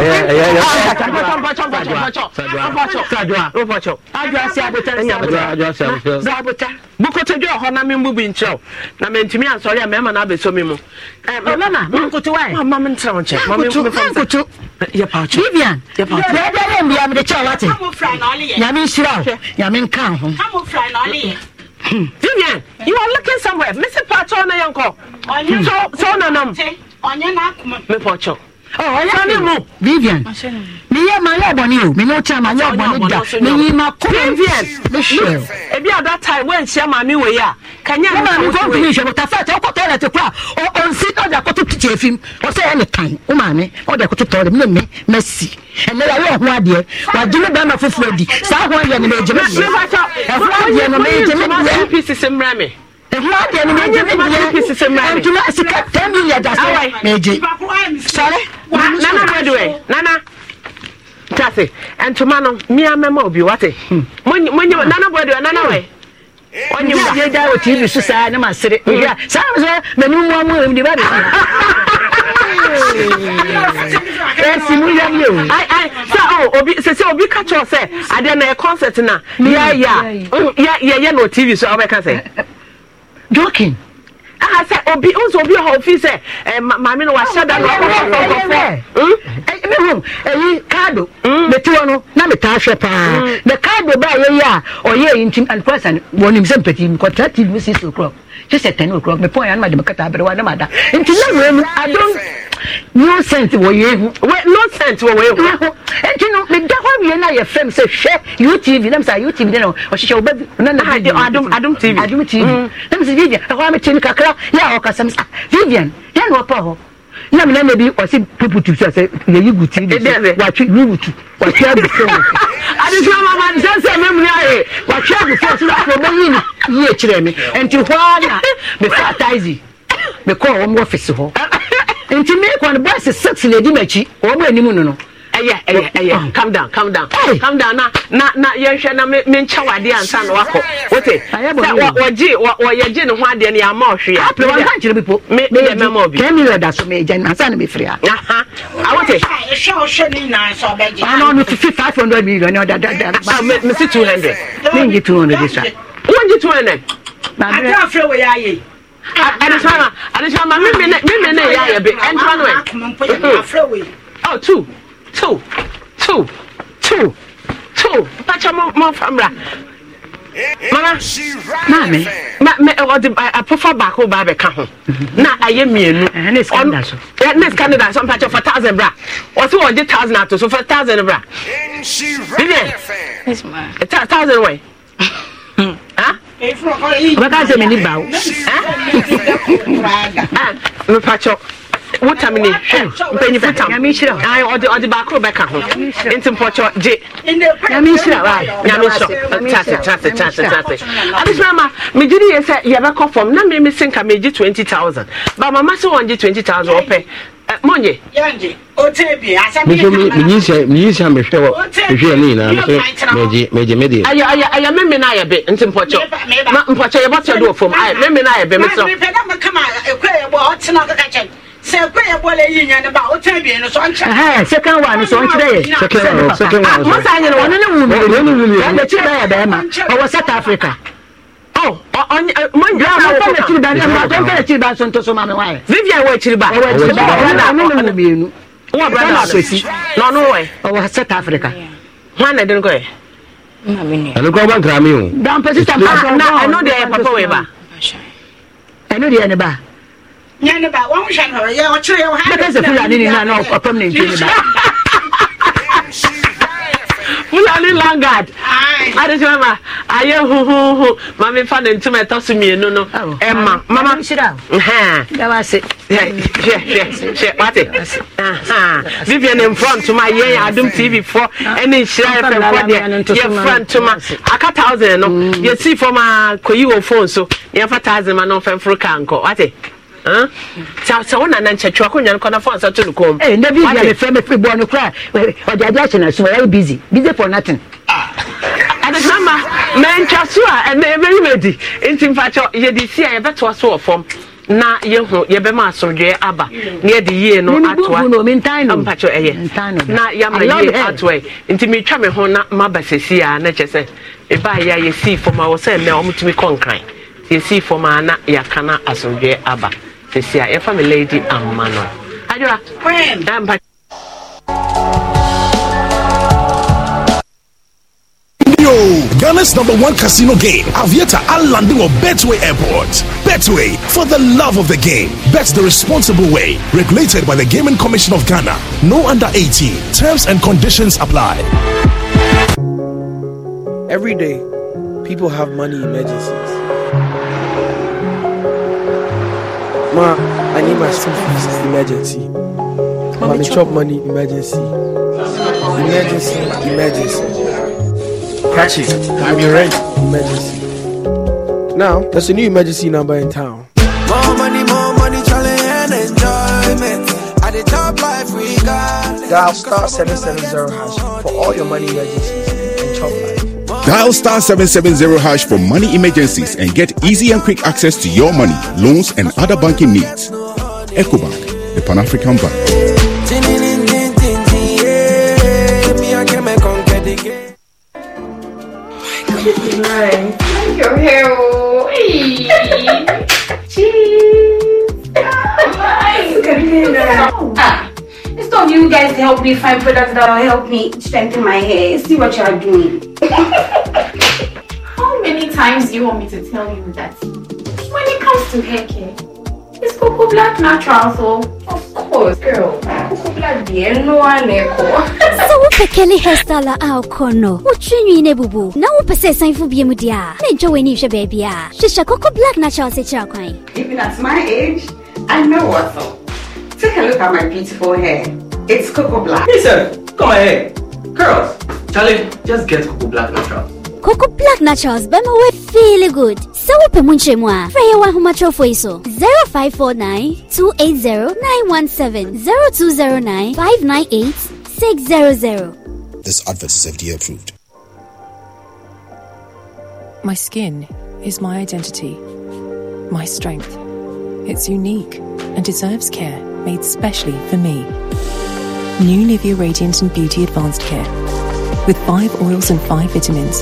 no Adwa si abotɛ nsa dabota bukotodwe ɔhɔ na membu bi nkyerɛw na mantumi ansɔre a mɛma no abɛsɔ me mu ɔlɔna eh, mankoto wa ma me ntra wo nkyɛ vivian yɛdɛdɛ mbia mede kyɛ wate nyame nhyira wo nyame nka ho hmm. vivian you are looking somewhere mese paatɔ na yɛnkɔ so so nanam mepɔkyɛw Oh, vivian meyɛ ma yɛ bɔne o mene wokyerɛ ma yɛ bɔne da meyima kɔmehyɛ ebi a that time wɔnhyia maame wei a kanyamekɔmpinihyɛ oh, oh, no tafa kyɛ wokɔ toilet kora ɔnsi ɔde akɔto tikye afim ɔsɛ ɛyɛ ne tan wo maame ɔde akɔto toilet mne me masi ɛnɛ yɛyɛ ɔho adeɛ wagye me bɛma foforɔ adi saa ho adeɛ no megye me deɛ ɛho adeɛ no megye me deɛ ehu adiẹ ni mi gye mi diẹ ntoma sika ten million da sẹ meji sọrọ nana wedu ẹ nana tase ntoma no mia mẹma obi wate mo nye nana wedu ẹ nana wẹ ɔnye wa yɛ gya wɔ tv so saa ne ma sere ɔhwɛ a saa nso m'anim wa mu ɛmu de ba de ɛsi mu yam yɛ o. ayi ayi sɛ ɔ obi sɛ sɛ obi ka kyerɛ sɛ adeɛ na yɛ concert na yɛ yɛ yɛ yɛ no tv so ɔbɛka sɛ joking aha sɛ obi nso obi wɔ hɔ fi sɛ ɛ eh, maame no wahyɛ da no ɔkɔfɔkɔfɔ ne ho ɛyi kaado hmm? mete hɔ no na metaa hwɛ paa hmm. na kaado ba a yɛyi a ɔyɛ yi nti alipɔsa wɔnim sɛ mpɛti nkɔtara tv mu six o'clock kyɛ sɛ ten o'clock mepɔn ya no ma de me kata abere wa ne ma da nti na wura mu adom nonsense wɔ yɛ hu nonsense wɔ wɔ yɛ hu nti no mi da hɔ wie na yɛ fɛm sɛ hwɛ utv nam sa utv de na ɔhyehyɛ ɔba bi na na vivian adum adum tv adum tv na mi sɛ vivian ɛhɔ ami tiri kakra yɛ a ɔkasa mi sɛ ah, vivian yɛn na ɔpa hɔ na mi na mi bi ɔsi pupu tu sɛ sɛ yɛ yi gu tiri de sɛ watwi yi gu tu watwi agu fɛn mu adisi ɔma ma nisɛn sɛ mi ayɛ watwi agu fɛn so na afɔ bɛ yi ni nti mi kwan bɛsi six lady m'akyi wɔn anim no no ɛyɛ ɛyɛ ɛyɛ calm down calm down hey. calm down na na na yɛhwɛ na mi mi nkyɛw adeɛ ansa na wakɔ wote sɛ wɔ wɔgye wɔ wɔyɛ gye ne ho adeɛ ne ama ɔhwe a apere wɔn kankyere bi po mi mi yɛ mɛma obi kɛmi yɛ da so mi gya ansa na mi firi ha aha awote ɛhwɛ ɔhwɛ mi nyinaa sɛ ɔbɛgye ɔno ɔno fifi five hundred million ɔda da da ba mi mi si two hundred mi n gye two hundred sa wɔn gye two hundred. adi afre wo yɛ ayɛ adesama adesama mímí ne mímí ne yà yẹ bi ẹntuma nù ẹ. ọ tu tu tu tu tu pàṣẹ mọ mọ famra mama maame ma ɔde apɔfa baako ba bɛka ho na ayɛ mmienu eh, ne scanada sɛ mpakyɛ for thousand bra ɔse wɔgye thousand ato so for thousand bra bibiɛ eh, thousand wɛ bɛka sɛ m'ani baw mepakyɛ wotam ne hwɛ mpanyimfo tam ɔde ɔde baakoro bɛka ho nti mpɔkyɛ gye nyame nhyira wa nyame nsɔ tase tase tase tase abisima ma megye ne yɛ sɛ yɛbɛkɔ fam na meme se nka megye 20000 ba mama sɛ wɔngye 20000 ɔpɛ mọnyẹ. yanje o tẹ bi asami yẹ kan na. mi sẹ mi sẹ mi hwẹ wọ mi hwẹ ne nyinaa nso mẹjẹ mẹjẹ mẹjẹ. ayọ ayọ ayọ mímí náà yẹ bẹ nti mpọkyọ mpọkyọ yẹ bọ tẹ do fam ayọ mímí náà yẹ bẹ mi sọ. mẹpẹ náà mi kama ekwe yẹ bọ ọtí náà kaka kyẹn sẹ ekwe yẹ bọ lẹ yìí yẹn ba o tẹ bi yẹn sọ n kyerẹ. second one sọ n kyerẹ yẹ. second one second one sọ. musa anyi ni wọn ni wuli wuli yẹn de ti bẹ yẹ bẹẹ ma ọwọ south africa. Oh, oh, oh, vivian wɔ akyiri ba ɔwɔ brada asoti na ɔno wɔ ɔwɔ south africa ho ana de no kɔɛ ɛno kora ba nkra me o ɛno deɛ yɛ papa wei ba ɛno deɛ ne ba nyɛ ne ba wɔn hwɛ no yɛ ɔkyerɛ yɛ wɔ ha bɛkɛ sɛ fura ne nyinaa na ɔpam ne ntwe ne ba darling langard adesimama ayé huhuhu maame nfa ne ntoma ɛtɔ so mmienu no ɛma mama hwɛ wate vivian mfrɔ ntoma yɛn adum tv fɔ ɛne nhyira fm fɔ deɛ yɛfrɔ ntoma aka thousand no mm. yɛsi fam a koyi wɔ phone so yɛmfa thousand ma na ɔmfɛmforo ka nkɔ wate sɛ na nana nkyɛtwe akonnwa no na fa nsa na no kɔm nda na bia mefrɛ mefrɛ boɔ no na ɔde ade ahyɛ naso ɛyɛ busy busy for nothing ah. adesama mantwa so a na eh, yɛbɛyimɛdi nti mfakyɛ yɛde si a yɛbɛtoa so wɔ fam na yɛhu yɛbɛma asomdwoeɛ aba na yɛde yie no atoampakyɛ ɛyɛ na yɛama na atoɛ nti metwa me ho na maba sɛsi a na kyɛ sɛ ɛbaayɛ a yɛsii na a wɔ sɛ na ɔmotumi kɔ nkran yɛsii fam a na yɛaka na sisi a yɛfa me lady amma no adwora ɛmpa Ghana's number one casino game, Avieta are landing on Betway Airport. Betway, for the love of the game. Bet the responsible way. Regulated by the Gaming Commission of Ghana. No under 18. Terms and conditions apply. Every day, people have money emergencies Ma, I need my school fees emergency. Ma, me chop money emergency. Emergency, emergency. Catch it. I'm your rent. Emergency. Now, there's a new emergency number in town. More money, more money, challenge and enjoyment. At the top life we got. Dial star 770 hash for all your money emergencies. Dial star 770 hash for money emergencies and get easy and quick access to your money, loans, and other banking needs. EcoBank, the Pan African Bank. Nice. Thank you, Cheese. it's not you guys help me find products that'll help me strengthen my hair. See what you are doing. do you want me to tell you that when it comes to hair care, it's cocoa Black natural, so of course, girl. sɛ black ne hairstyle a wokɔ no wotwerɛ nwii no na wopɛ sɛ ɛsan fo bie mu deɛ a na ɛntwa w'ani hwɛ baabi a ah. hyehyɛ black natural sɛ kyerɛ kwan Even at my age, I know what. So Take a look at my beautiful hair. It's cocoa Black. Listen, come on here. Girls, Charlie, just get Coco Black Natural. Coco Black Naturals my way, feel good. Sawupe munche mwa. Freya wa huma chofo iso. 0549-280-917. 0209-598-600. This advert is FDA approved. My skin is my identity, my strength. It's unique and deserves care made specially for me. New Nivea Radiant and Beauty Advanced Care with five oils and five vitamins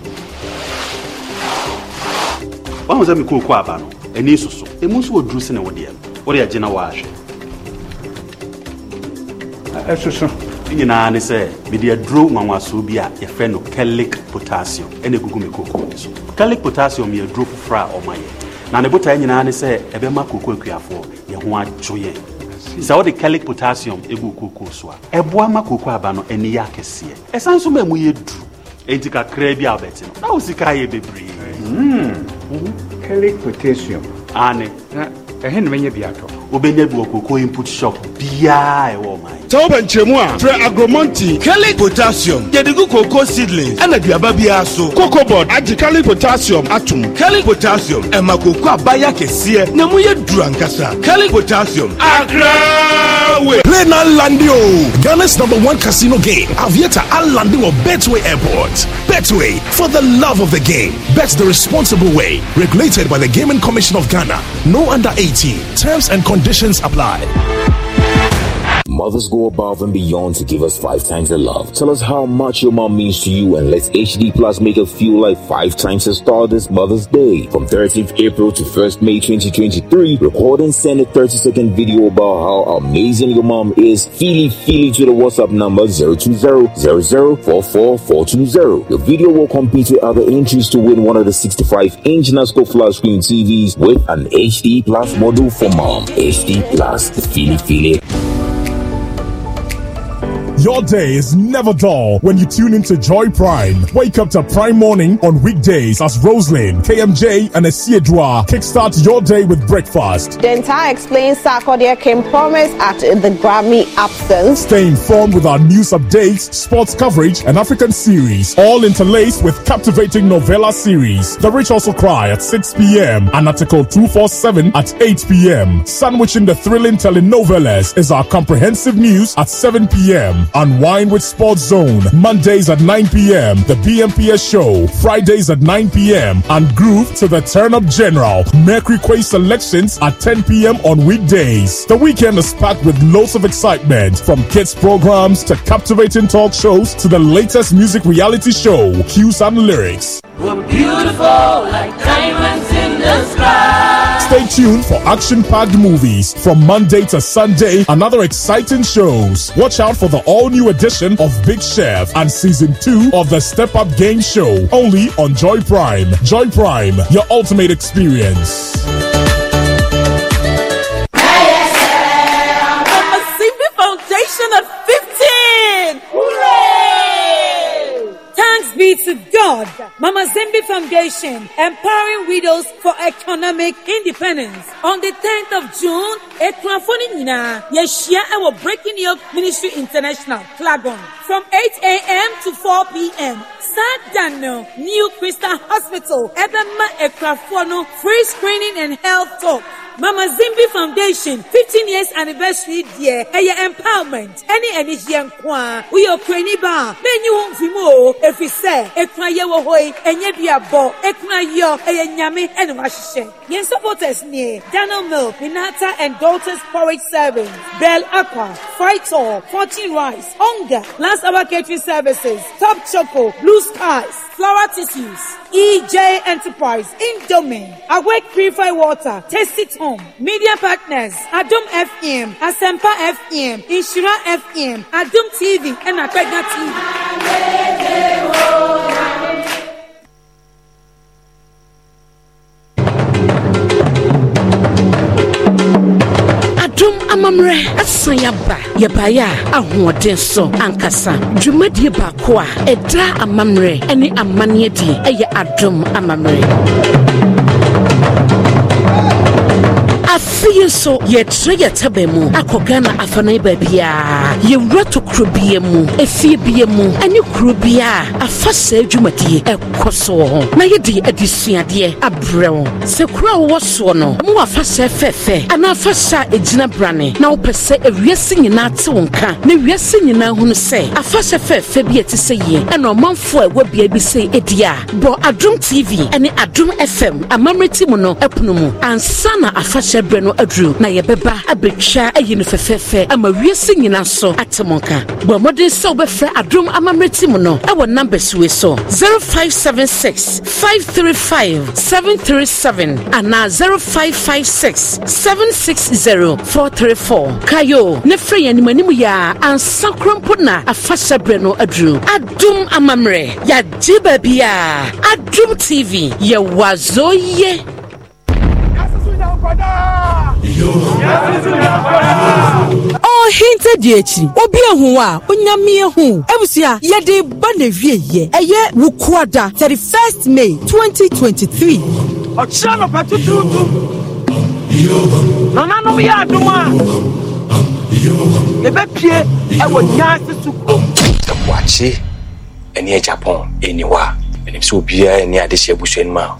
wahu sɛ mekɔɔ kɔ aba no ani soso ɛmu nso wɔduru sene wo deɛ no wode agyina wɔahwɛ ɛsoso nyinaa ne sɛ mede aduro nwanwasoɔ bi a yɛfrɛ no calic potassium ɛne ɛgugu me kookoo ne so calic potassium yɛ aduro foforɔ a ɔma yɛ na ne botae nyinaa ne sɛ ɛbɛma kookoo akuafoɔ yɛ ho adwo yɛn sɛ wode calic potassium ɛgu kookoo so a ɛboa ma kookoo aba no ani yɛ akɛseɛ ɛsan so ma mu yɛ duru enti kakraa bi a wobɛte no na wo sika yɛ bebree wohu kelly potassium ane ah, na ɛhe ne mɛnyɛ bi atɔ wobɛnya bi wɔ koko input shop biaa ɛwɔ ɔman sɛ wobɛ nkyɛmu a frɛ agromonti kelly potassium yɛde gu koko seedlings ɛna duaba biara so coco board agye kelly potassium atom kelly potassium ɛma koko abayɛ akɛseɛ na mu duru ankasa kelly potassium agraa away. Play now Landy Ghana's number one casino game. Aviator and Landy of Betway Airport. Betway for the love of the game. Bet the responsible way. Regulated by the Gaming Commission of Ghana. No under 18. Terms and conditions apply. Mothers go above and beyond to give us five times the love. Tell us how much your mom means to you and let HD Plus make it feel like five times the star this Mother's Day. From 13th April to 1st May 2023, record and send a 30 second video about how amazing your mom is. Feely feely to the WhatsApp number 020 Your video will compete with other entries to win one of the 65 inch NASCO flat screen TVs with an HD Plus model for mom. HD Plus, the feely feely your day is never dull when you tune into Joy Prime. Wake up to Prime Morning on weekdays as Roselyn, KMJ, and Esiedua kickstart your day with breakfast. Denta explains Sarkodia came promise at the Grammy absence. Stay informed with our news updates, sports coverage, and African series, all interlaced with captivating novella series. The Rich Also Cry at 6 p.m. and Article 247 at 8 p.m. Sandwiching the thrilling telenovelas is our comprehensive news at 7 p.m on Wine with Sports Zone, Mondays at 9 p.m., the BMPS show, Fridays at 9 p.m., and Groove to the Turn Up General, Mercury Quay selections at 10 p.m. on weekdays. The weekend is packed with loads of excitement, from kids programs to captivating talk shows to the latest music reality show, cues and lyrics. We're beautiful like diamonds in the sky. Stay tuned for action packed movies from Monday to Sunday and other exciting shows. Watch out for the all new edition of Big Chef and season 2 of the Step Up Game Show only on Joy Prime. Joy Prime, your ultimate experience. to God. Mama Zimbi Foundation, empowering widows for economic independence. On the 10th of June, etuafo ni nyinaa yɛhyia ɛwɔ Breaking Yoke Ministry International, Clagon. From 8 a.m. to 4 p.m. Sir New Christian Hospital, Ebema Ekrafono, free screening and health talk. Mama Zimbi Foundation 15 years anniversary year. ɛyɛ empowerment Any anihyeɛ nko a We are ba a menyi ho mfi If you say, sɛ ekuna yɛ wɔ hɔ yi ɛnyɛ duabɔ ekuna yɔ and nyame ɛne wahyehyɛ yɛn supporters nie Daniel Milk Minata and Daughters Porridge Serving Bell Aqua All, Fortune Rice Hunger Last Hour Catering Services Top Choco Blue Skies Flower Tissues EJ Enterprise Indomie Awake Purified Water Tasty Tone Media Partners, Adum FM, Asempa FM, Insura FM, Adum TV, and Apega TV. dwom amammerɛ asan yɛaba yɛbaeɛ a ahoɔden so ankasa dwumadie baako a ɛdra amammerɛ ne amanneɛ die ɛyɛ adom amammerɛ afei nso yɛkyerɛ yɛ taba mu akɔ ghana afanan baabiaa yɛwura to kuro bia mu efie bia mu ɛne kuro bia afa saa adwumadie ɛkɔ so ho na yɛde adesuadeɛ abrɛ wo sɛ kuro a wɔwɔ soɔ no ɛmo wɔ afa saa fɛɛfɛ anaa afa saa egyina brane na wopɛ sɛ ewiase nyinaa te wo nka na ewiase nyinaa hunu sɛ afa saa fɛɛfɛ bi a ɛte sɛ yie ɛna ɔmanfoɔ a ɛwɔ bea bi sɛ edi a bɔ adum tv ɛne adum fm amammerɛ ti mu no ɛpono mu ansa na afahyɛ sɛ berɛ no aduru na yɛbɛba abɛtwa ayi no fɛfɛɛfɛ ama wiase nyina so ate mo nka bɔ mmɔden sɛ wobɛfrɛ adom amammerɛ tim no ɛwɔ numbers wei so 0576 535 737 anaa 0556 760 434 kayo ne frɛ yɛn animanim yɛ a ansa korɔmpo na afahyɛ berɛ no aduru adom amammerɛ yɛagye baabi a adom tv yɛwɔ azɔ yɛ ɔhintadi akyiri obi ehu a onyame ehu ebusua yɛde ba na ewie yɛ ɛyɛ wukuada thirty first may twenty twenty three. ɔkyerɛ no pɛ tutuutu nananom yɛ adom a yɛbɛpie ɛwɔ nyaase so kurom sɛboakye japan ɛni hɔ a ɛnim sɛ obiara ɛne adehyɛ abusua no mu a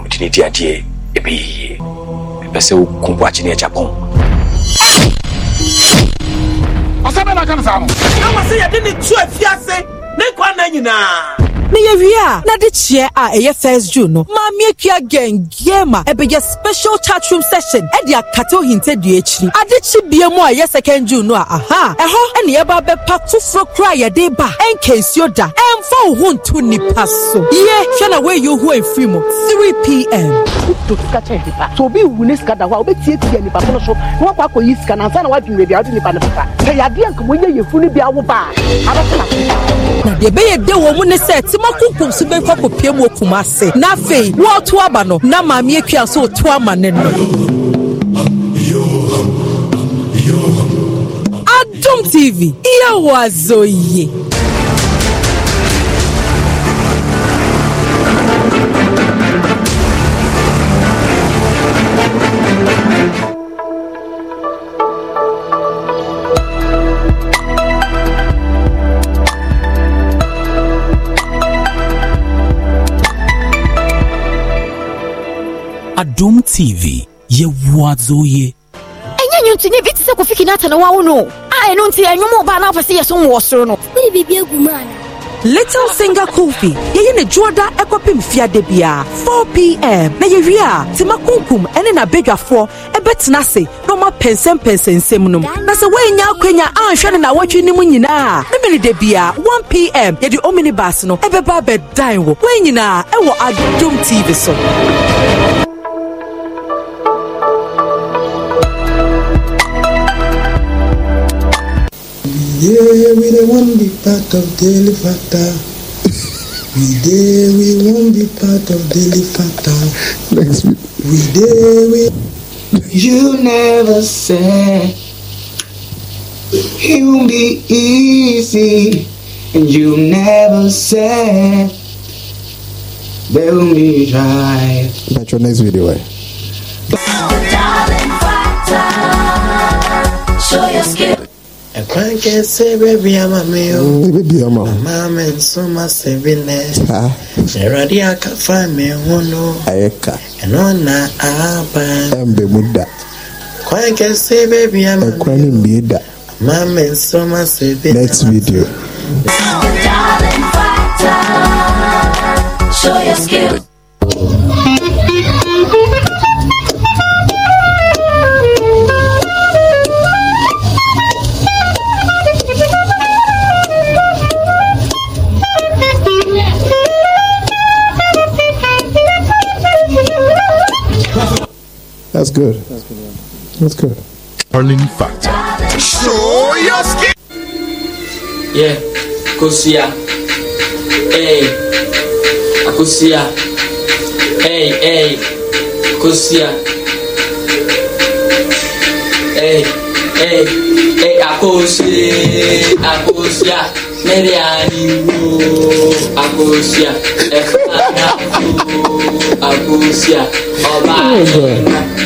ɔmde ne di adeɛ ɛbɛyiyie pɛ o wokunku akyene agya bɔn ɔsɛ bɛna ka ne saa no na ma sɛ yɛde ne tu afiase ne kwan na nyinaa na yɛwie a na de kyeɛ a ɛyɛ e first june no maame e gen gema ebe ɛbɛyɛ special chat room session ɛde e akata ohintadua akyiri adekyi bia mo a ɛyɛ second june no a aha Eho ɛhɔ ɛne yɛba bɛpa fro kora a de ba ɛnka nsuo da ɛmfa wo ho nto nnipa so yɛ hwɛ na woayi wo ho amfiri mu 3 pm sɛ obi wu ne sika da hɔ a wobɛtiatia nnipa so no so na woakɔ akɔyi sika nansa na woadwenwerɛ bia wode nnipa no pepa sɛ yɛadeɛ nka mɔnyɛ yɛfu no bia wo baa abɛtena na deɛ ɛbɛyɛ dɛ wɔ mu ne sɛ nti mo kukum so bɛkɔ kɔpie mu okuma ase na afei wɔɔto aba no na maame akua so ɔto ama ne no. Adum TV, iye wazo iye. Doom TV yɛwoadzoye ɛnyɛ nwom to nyɛ bi te sɛ kofi kinata na wawo no a ɛno nti ɛnwom ɔbaa na wopɛ sɛ yɛsom wɔ soro no wode biribi agu mu ana Little Singer Kofi yɛyɛ ne dwoɔda ɛkɔpem fiada biara 4pm na yɛwie a tima kunkum ne n'abadwafoɔ ɛbɛtena ase na ɔma pɛnsɛmpɛnsɛnsɛm nom na sɛ woanya akwanya anhwɛ no n'awɔtwe no mu nyinaa na mene da biara 1pm yɛde omnibus no ɛbɛba abɛdan wo wɔn nyinaa ɛwɔ adom tv so Yeah, we don't want to be part of Daily Fata. we there, we won't be part of Daily Fata. Next week. We there, we. You never said it won't be easy, and you never said there will be drive. That's your next video, eh? Show your skill ɛkwan kɛse baabi ama me o mama me nso ma sɛ bi nɛ awurade can find me I ho no ɛno na aba kwan kɛse baabi ama me o mama me nso ma sɛ bi nɛ next video Now, darling, fighter, show your skill. good. That's good. That's good. Hurling factor. Show your skin. Yeah, Kosia. Hey, Akosia. Hey, hey, Kosia. Hey, hey, hey, Akosia, Akosia. Mary Ariwo Agosia Ẹ̀fọ́ Adáfo Agosia Ọba Àyẹ̀ká. Oh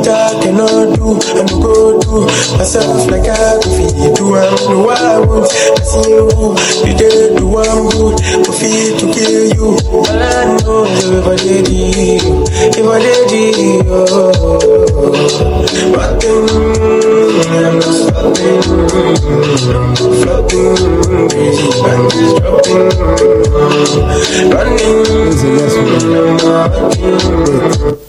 what I cannot do and go do myself like I go do i know the what I want. I see you, you did do I'm good, for fear to kill you. Well, I know if I did you, if I did you, oh, but then I'm not stopping, floating, crazy bandits dropping, running, I'm not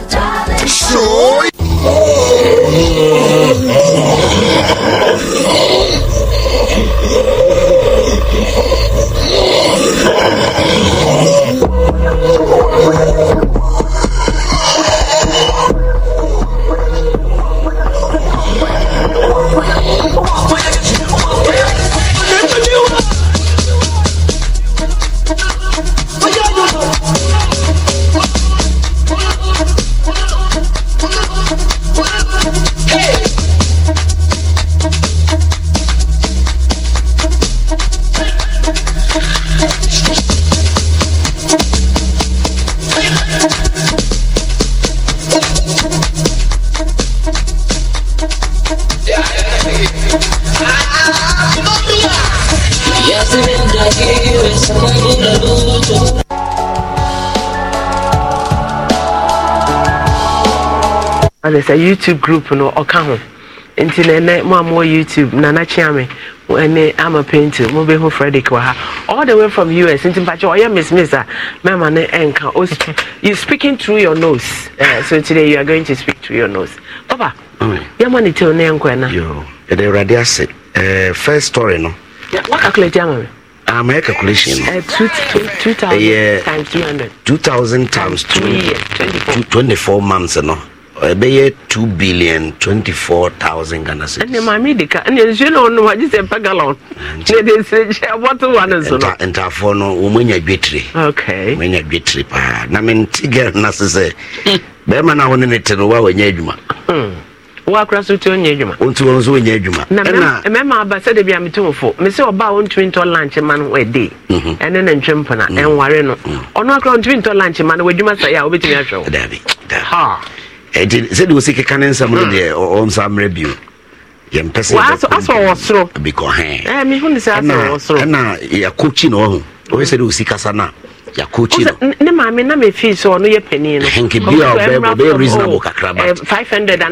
a youtube group no ɔka ho nti na ɛnɛ mo a mo wɔ youtube nana kyeame ɛne ama painting mo bɛ hu frederick wɔ ha all the way from us nti mpakyɛ ɔyɛ miss miss a mɛma ne ɛnka o you speaking through your nose uh, so today you are going to speak through your nose papa yɛma ne tew ne yɛnkɔ ɛna. yɛde awurade ase ɛɛ eh, first story no. wakakula ti ama mi. ama ah, yɛ calculation no. Eh, two thousand times two hundred. two thousand times two twenty four months no. ɛbɛyɛ 2 billion 24000 ntafoɔ hmm. hmm. mhm. mhm. no wɔm mhm. anya dwetire paa na mente gɛr no ase sɛ bɛrima no a ne te no woa adwuma wakora so tumi nyɛ ɔba a ɔntumi ntɔ ma no ɛde ɛne ne ntwe mpona ɛnware no ɔno ɔntumi ntɔ lanche ma no w'adwuma sɛ a wobɛtumi ahwɛ nti sɛde wo sikeka ne nsɛm no deɛ ɔnsa mmerɛ bio yɛmpɛ sɛbikɔhɛna yɛakɔkyi na ɔho wohɛ sɛde wo sikasa no yakɔkyi no ne na no reasonable 500 600 eh,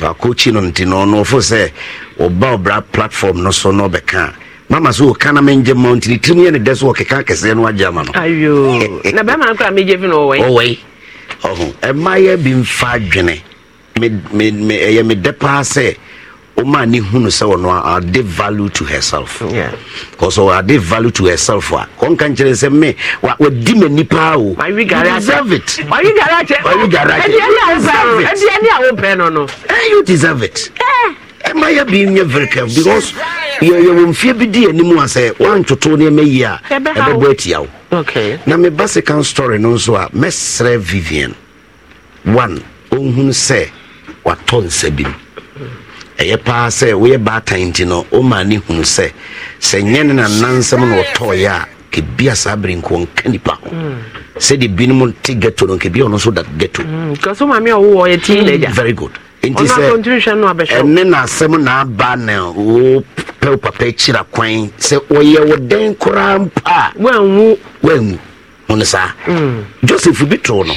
ah. no nti no ɔno sɛ ɔba ɔbra platform no so na ɔbɛka mama so ka eh, eh, na mengye ma wo yɛ ne dɛ so wɔkeka akɛseɛ no wagye ama no no ɔho ɛmayɛ bi mfa adwene ɛyɛ me dɛ paa sɛ woma ne hunu sɛ ɔno ade value to herself yeah. because ɔade value to herself a ɔnka nkyerɛ sɛ me wadi m'ani paa o deserve it eh, you deserve it eh. ɛma yɛ bi nyɛ very careful because yɛwɔ mfie bi di anim a sɛ woantoto nneɛma yi a ɛbɛbɔ atia wo okay. na meba second story no nso a mɛsrɛ vivian one ɔnhunu sɛ watɔ nsa bi mu ɛyɛ paa sɛ woyɛ baatan nti no ɔma ne hunu sɛ sɛ nyɛ ne nansɛm na ɔtɔɔyɛ a kebia saa bere nko nka nipa ho hmm. sɛdeɛ binom te geto no kebia ɔno nso da ghetto hmm, hmm, very good nti sɛ ɛne n'asɛm n'aba na wopɛ wo papa akyira kwan sɛ ɔyɛ wo den koraa mpa a woanwu woanwu ho mm. joseph bi too no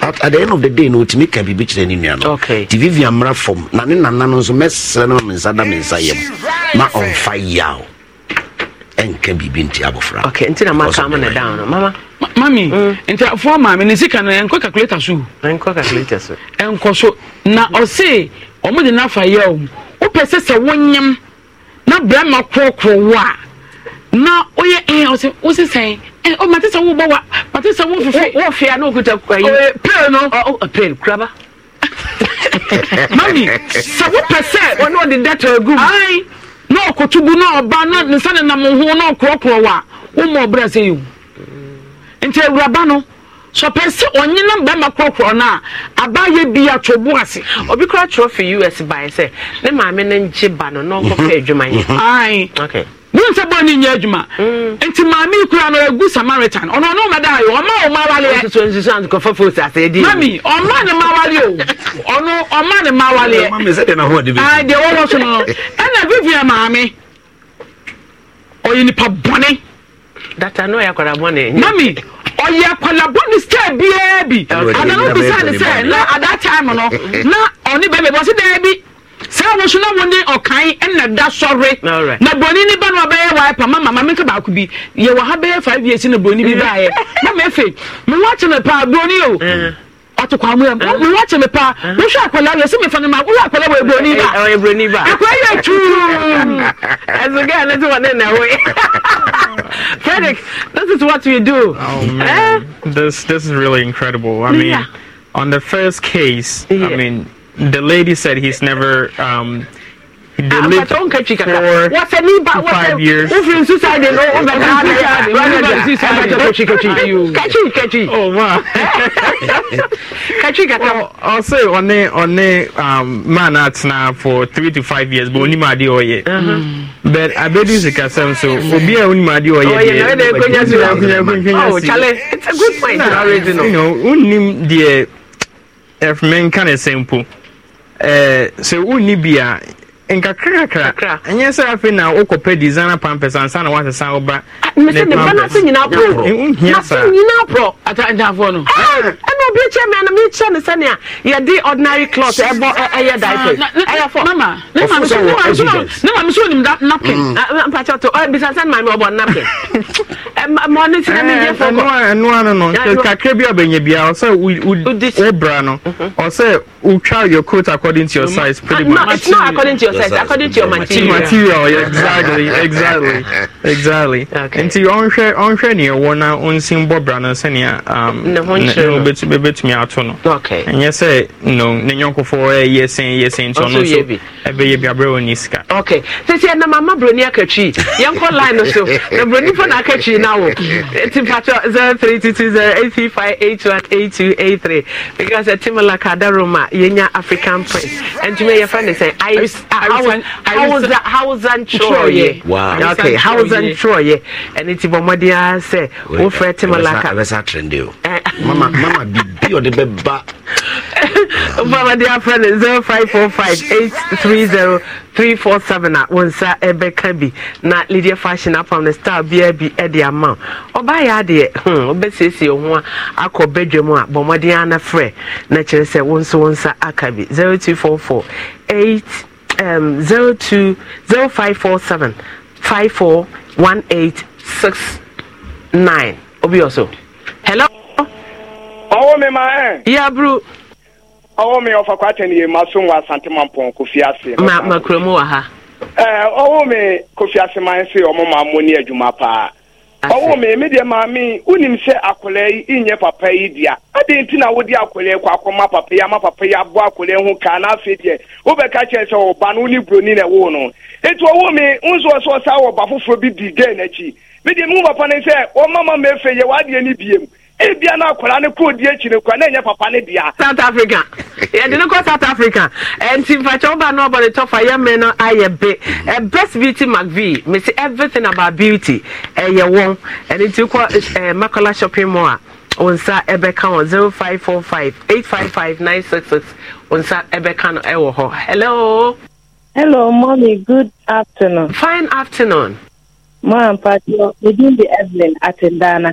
at, at the end of the day no otumi ka biribi kyerɛ ne nua no nti vivia mmara fam na ne nana no nso mɛsrɛ no ma me nsa da me nsa yam ma ɔmfa yaw ɛnka biribi nti abɔfra okay, nti na maka ma no down no mama mami mm. nti afọ maame ne sika no ɛnkɔ calculator so. ɛnkɔ calculator so. ɛnkɔ so na ɔse ɔmo de n'afa yɛ o wopɛ sɛ sɛ wonyam na barima korɔkorɔ wo a na oyɛ ɛn ɔsɛ wosi sɛn ɛn ɔ mate sɛ wobɔ wa mate sɛ wofifi. wofi a n'okuta kura yi. ee peel no. ɔ ɔ peel kuraba. mami sɛ wopɛ sɛ. wɔn n'o de data egu mu. ayi na ɔkotubu na ɔba na nsa nenam ho na ɔkorɔkorɔ wa wɔn mu ɔbrɛ sɛ yi o. nti awuraba no sọpẹ sẹ ọnyinam bẹẹma kọkọrọ náà abayẹ bi atọ bu ase. obi kura us baa sɛ ne maame ne nkye ba no na ɔkɔkɔ mhm. adwuma yɛ. Mhm. ayi mun sɛ bɔ ni nyɛ adwuma mm. nti maame kura no egu samaritan ɔno ɔno ɔmɛ daa ɔma ɔma awale yɛ. nsusu nsusu ase edi. mami ɔma ne ma awale o ɔno ɔma ne ma awale yɛ. mami sɛ na ho bi. ayi deɛ wɔwɔ so no ɛna vivian maame ɔyɛ nipa data ɔyɛ akwadaa bɔnni stɛɛ biara bi ana no bisa ne sɛ na ada time no na ɔne bɛbɛ bɔ si dɛɛ bi saa wɔn so na wɔn ne ɔkan ɛna da sɔre na broni ne ba no ɔbɛyɛ wa pama mama mi ka baako bi yɛ wɔ ha bɛyɛ five years na broni bi baayɛ na mɛ fɛ mɛ wɔ akyɛ mɛ paa broni o uh-huh. ɔte kwa mu yɛ mu wɔ akyɛ mi paa uh-huh. wohwɛ akwadaa yɛ si mi fa ne ma wohwɛ akwadaa wɔ ebroni ba ɛbroni eh, eh, ba akwadaa yɛ tuuru ɛsogɛ ne ti wɔ ne na ho yi. Frederick, this is what we do. Oh man, eh? this this is really incredible. I mean, yeah. on the first case, yeah. I mean, the lady said he's never. Um, they ah, lived for five years. Oh, oh wow! well, also, on the on the um, man, that's now for three to five years, but only my dear, yeah. Uh-huh. Mm. but abedi sikasɛm so obi oh, oh, a wonim adeɛ ɔyɛ wonnim deɛ ɛfmɛnka ne sɛ mpo sɛ wonni bi nkakrakakra ɛnyɛ sɛ afei na wokɔpɛ designer pampers ansa na woasesa woba mesɛdebanase nyinaa porɔnase nyinaa porɔ atantafoɔ no ɛna obi kyɛ me ana mekyɛ no sɛnea yɛde ordinary cloth ɛbɔ ɛyɛ dipɛɛyɛfɔne ma meso nim napkin mpakyɛ to bisansa ne ma napkin ma eh, no no kakra bi a mhm. your coat according to your mm-hmm. size pretty ah, much. no it's your size according your material. material exactly exactly exactly nti ɔnhwɛ ɔnhwɛ nea ɛwɔ na ɔnsi bɔbra no sɛnea um, ne ho nkyerɛ bɛtumi ato no ɛnyɛ sɛ no ne nyɔnkofoɔ ɛyɛ sɛn yɛ sɛn nti ɔno nso ɛbɛyɛ bi abrɛ wɔ ni okay sisi ɛnam ama buroni akatwi yɛnkɔ line no so na buroni fo na na wo ti mpatsɔ zero three two two zero eight three five eight one eight two eight three because ɛ uh, tim laka adaroma yɛnya african press ɛntumi yɛ fɛn de sɛ how was that? wow okay that ntrɔyɛ ɛni ti bɔ mɔden a sɛ o fɛ tim laka a bɛ sa trende o mama mama bibi ɔde bɛ ba Mama, a fɛ ne zero five four five eight three zero three four seven a wọn nsa ɛbɛka bi na lydia fashion apam ne star bia bi ɛde ama ɔbaa yɛ adeɛ hmm ɔbɛsiesie ho a akɔ bedwa a bɔmmɔden ana frɛ na kyerɛ sɛ wɔn nso wɔn nsa aka bi zero two four four eight um, zero two zero five four seven five four one eight six nine obi ɔso hello. ɔwɔ mi ma ɛ. yabru. Yeah, ọwọ mi ọfọ kwata ni yema so nwa asante ma mpọn kofi ase. ma ma mu wɔ ha. ɛɛ eh, ɔwɔ mi kofi ase nse ɔmo ma mo ni adwuma paa. ɔwɔ mi mi deɛ unim sɛ yi papa yi adi nti na wodi papa yi ama papa yi abo ho kaa n'afe deɛ sɛ ɔba no na ɛwɔ no etu ɔwɔ mi bi di ebia na akwara ne kuro di ekyir kura na enye papa ne bia. south africa yɛde ne kɔ south africa nti mfakyɛ ɔba no ɔbɔ ne tɔfa yɛmɛ no ayɛ be best beauty mcv mesi everything about beauty ɛyɛ wɔn ɛne nti kɔ makola shopping mall a onsa ɛbɛka wɔn zero five four five eight five five nine six six onsa ɛbɛka no ɛwɔ hɔ hello. hello mommy good afternoon. fine afternoon. mo àǹfààní ọ̀gbìn di evelyn àti ndana.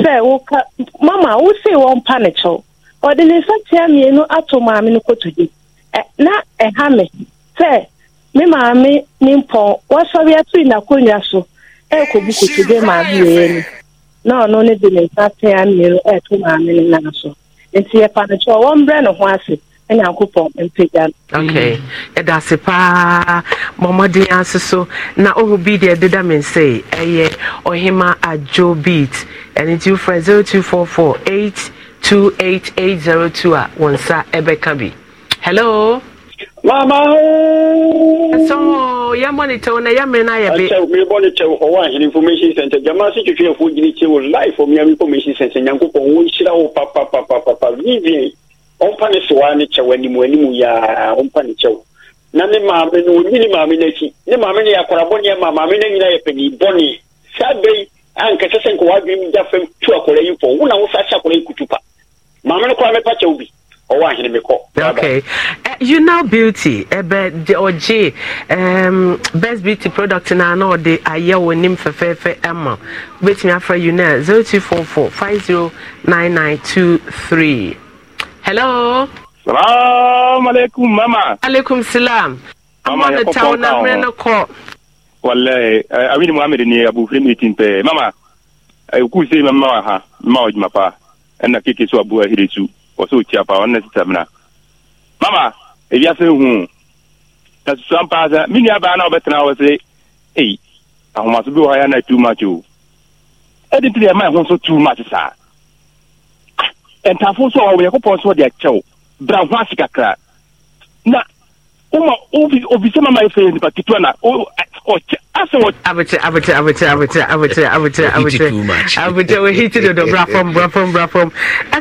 sɛ woka mama wosee wɔmpa ne kyɛw ɔde ne nsatea mmienu ato maame no kotodwe na ɛha me sɛ me maame ne mpɔn wasɔre n'akonnwa so ɛrekɔbu kotodwe maame na ɔno ne de ne nsatea mmienu ɛreto maame no nan so nti yɛpa ne kyɛw wɔmbrɛ ne ho ase na ɔhu Zero two four ɛne eight wofrɛ 0244 828802 a wo nsa ɛbɛka bi hello mama so yɛ monitor na yɛ mmere no ayɛ be merebɔ ne kyɛw ɔwɔ ahene information center gyama se twetweafoɔ gyine kyɛ wɔ life ɔmiam information center nyankopɔn wɔnhyira wo papapapapa vivien ɔmpa ne sewa ne kyɛw anim anim yaa ɔmpa ne kyɛw na ne maame no ɔnyi ne maame no akyi ni maame no yɛ akwarabɔneɛ ma maame no nyina yɛ panibɔne saa bɛyi ankasa sɛ nka wadwene gya fam tu akɔla yi fɔ wo na wo sa hyɛ akɔla yi kutu pa maame no koraa mɛpa kyɛ wo bi ɔwɔ ahene eh, mekɔ you now beauty ɛbɛ de ɔgye um, best beauty product na na ɔde ayɛ wɔ nim fɛfɛɛfɛ ɛma wobɛtumi afrɛ you na 0244 hello salaam alaikum mama alaikum salam mama yɛkɔpɔn town no wallahi eh, awini muhammed ne abu fremi tin pe mama eh, ku se mama ha ma ojuma pa na keke so abu ahire su o so tia pa onna sitamna mama e bia se hu ta so ampa za mini aba na obetna wo se ei ahoma so bi wo ya na too much o e de tire ma ho so too much sa entafo so wo yakopon so de akyɛw bra ho asikakra na uma ofise mama efe nipa ketewa na ɔkyɛ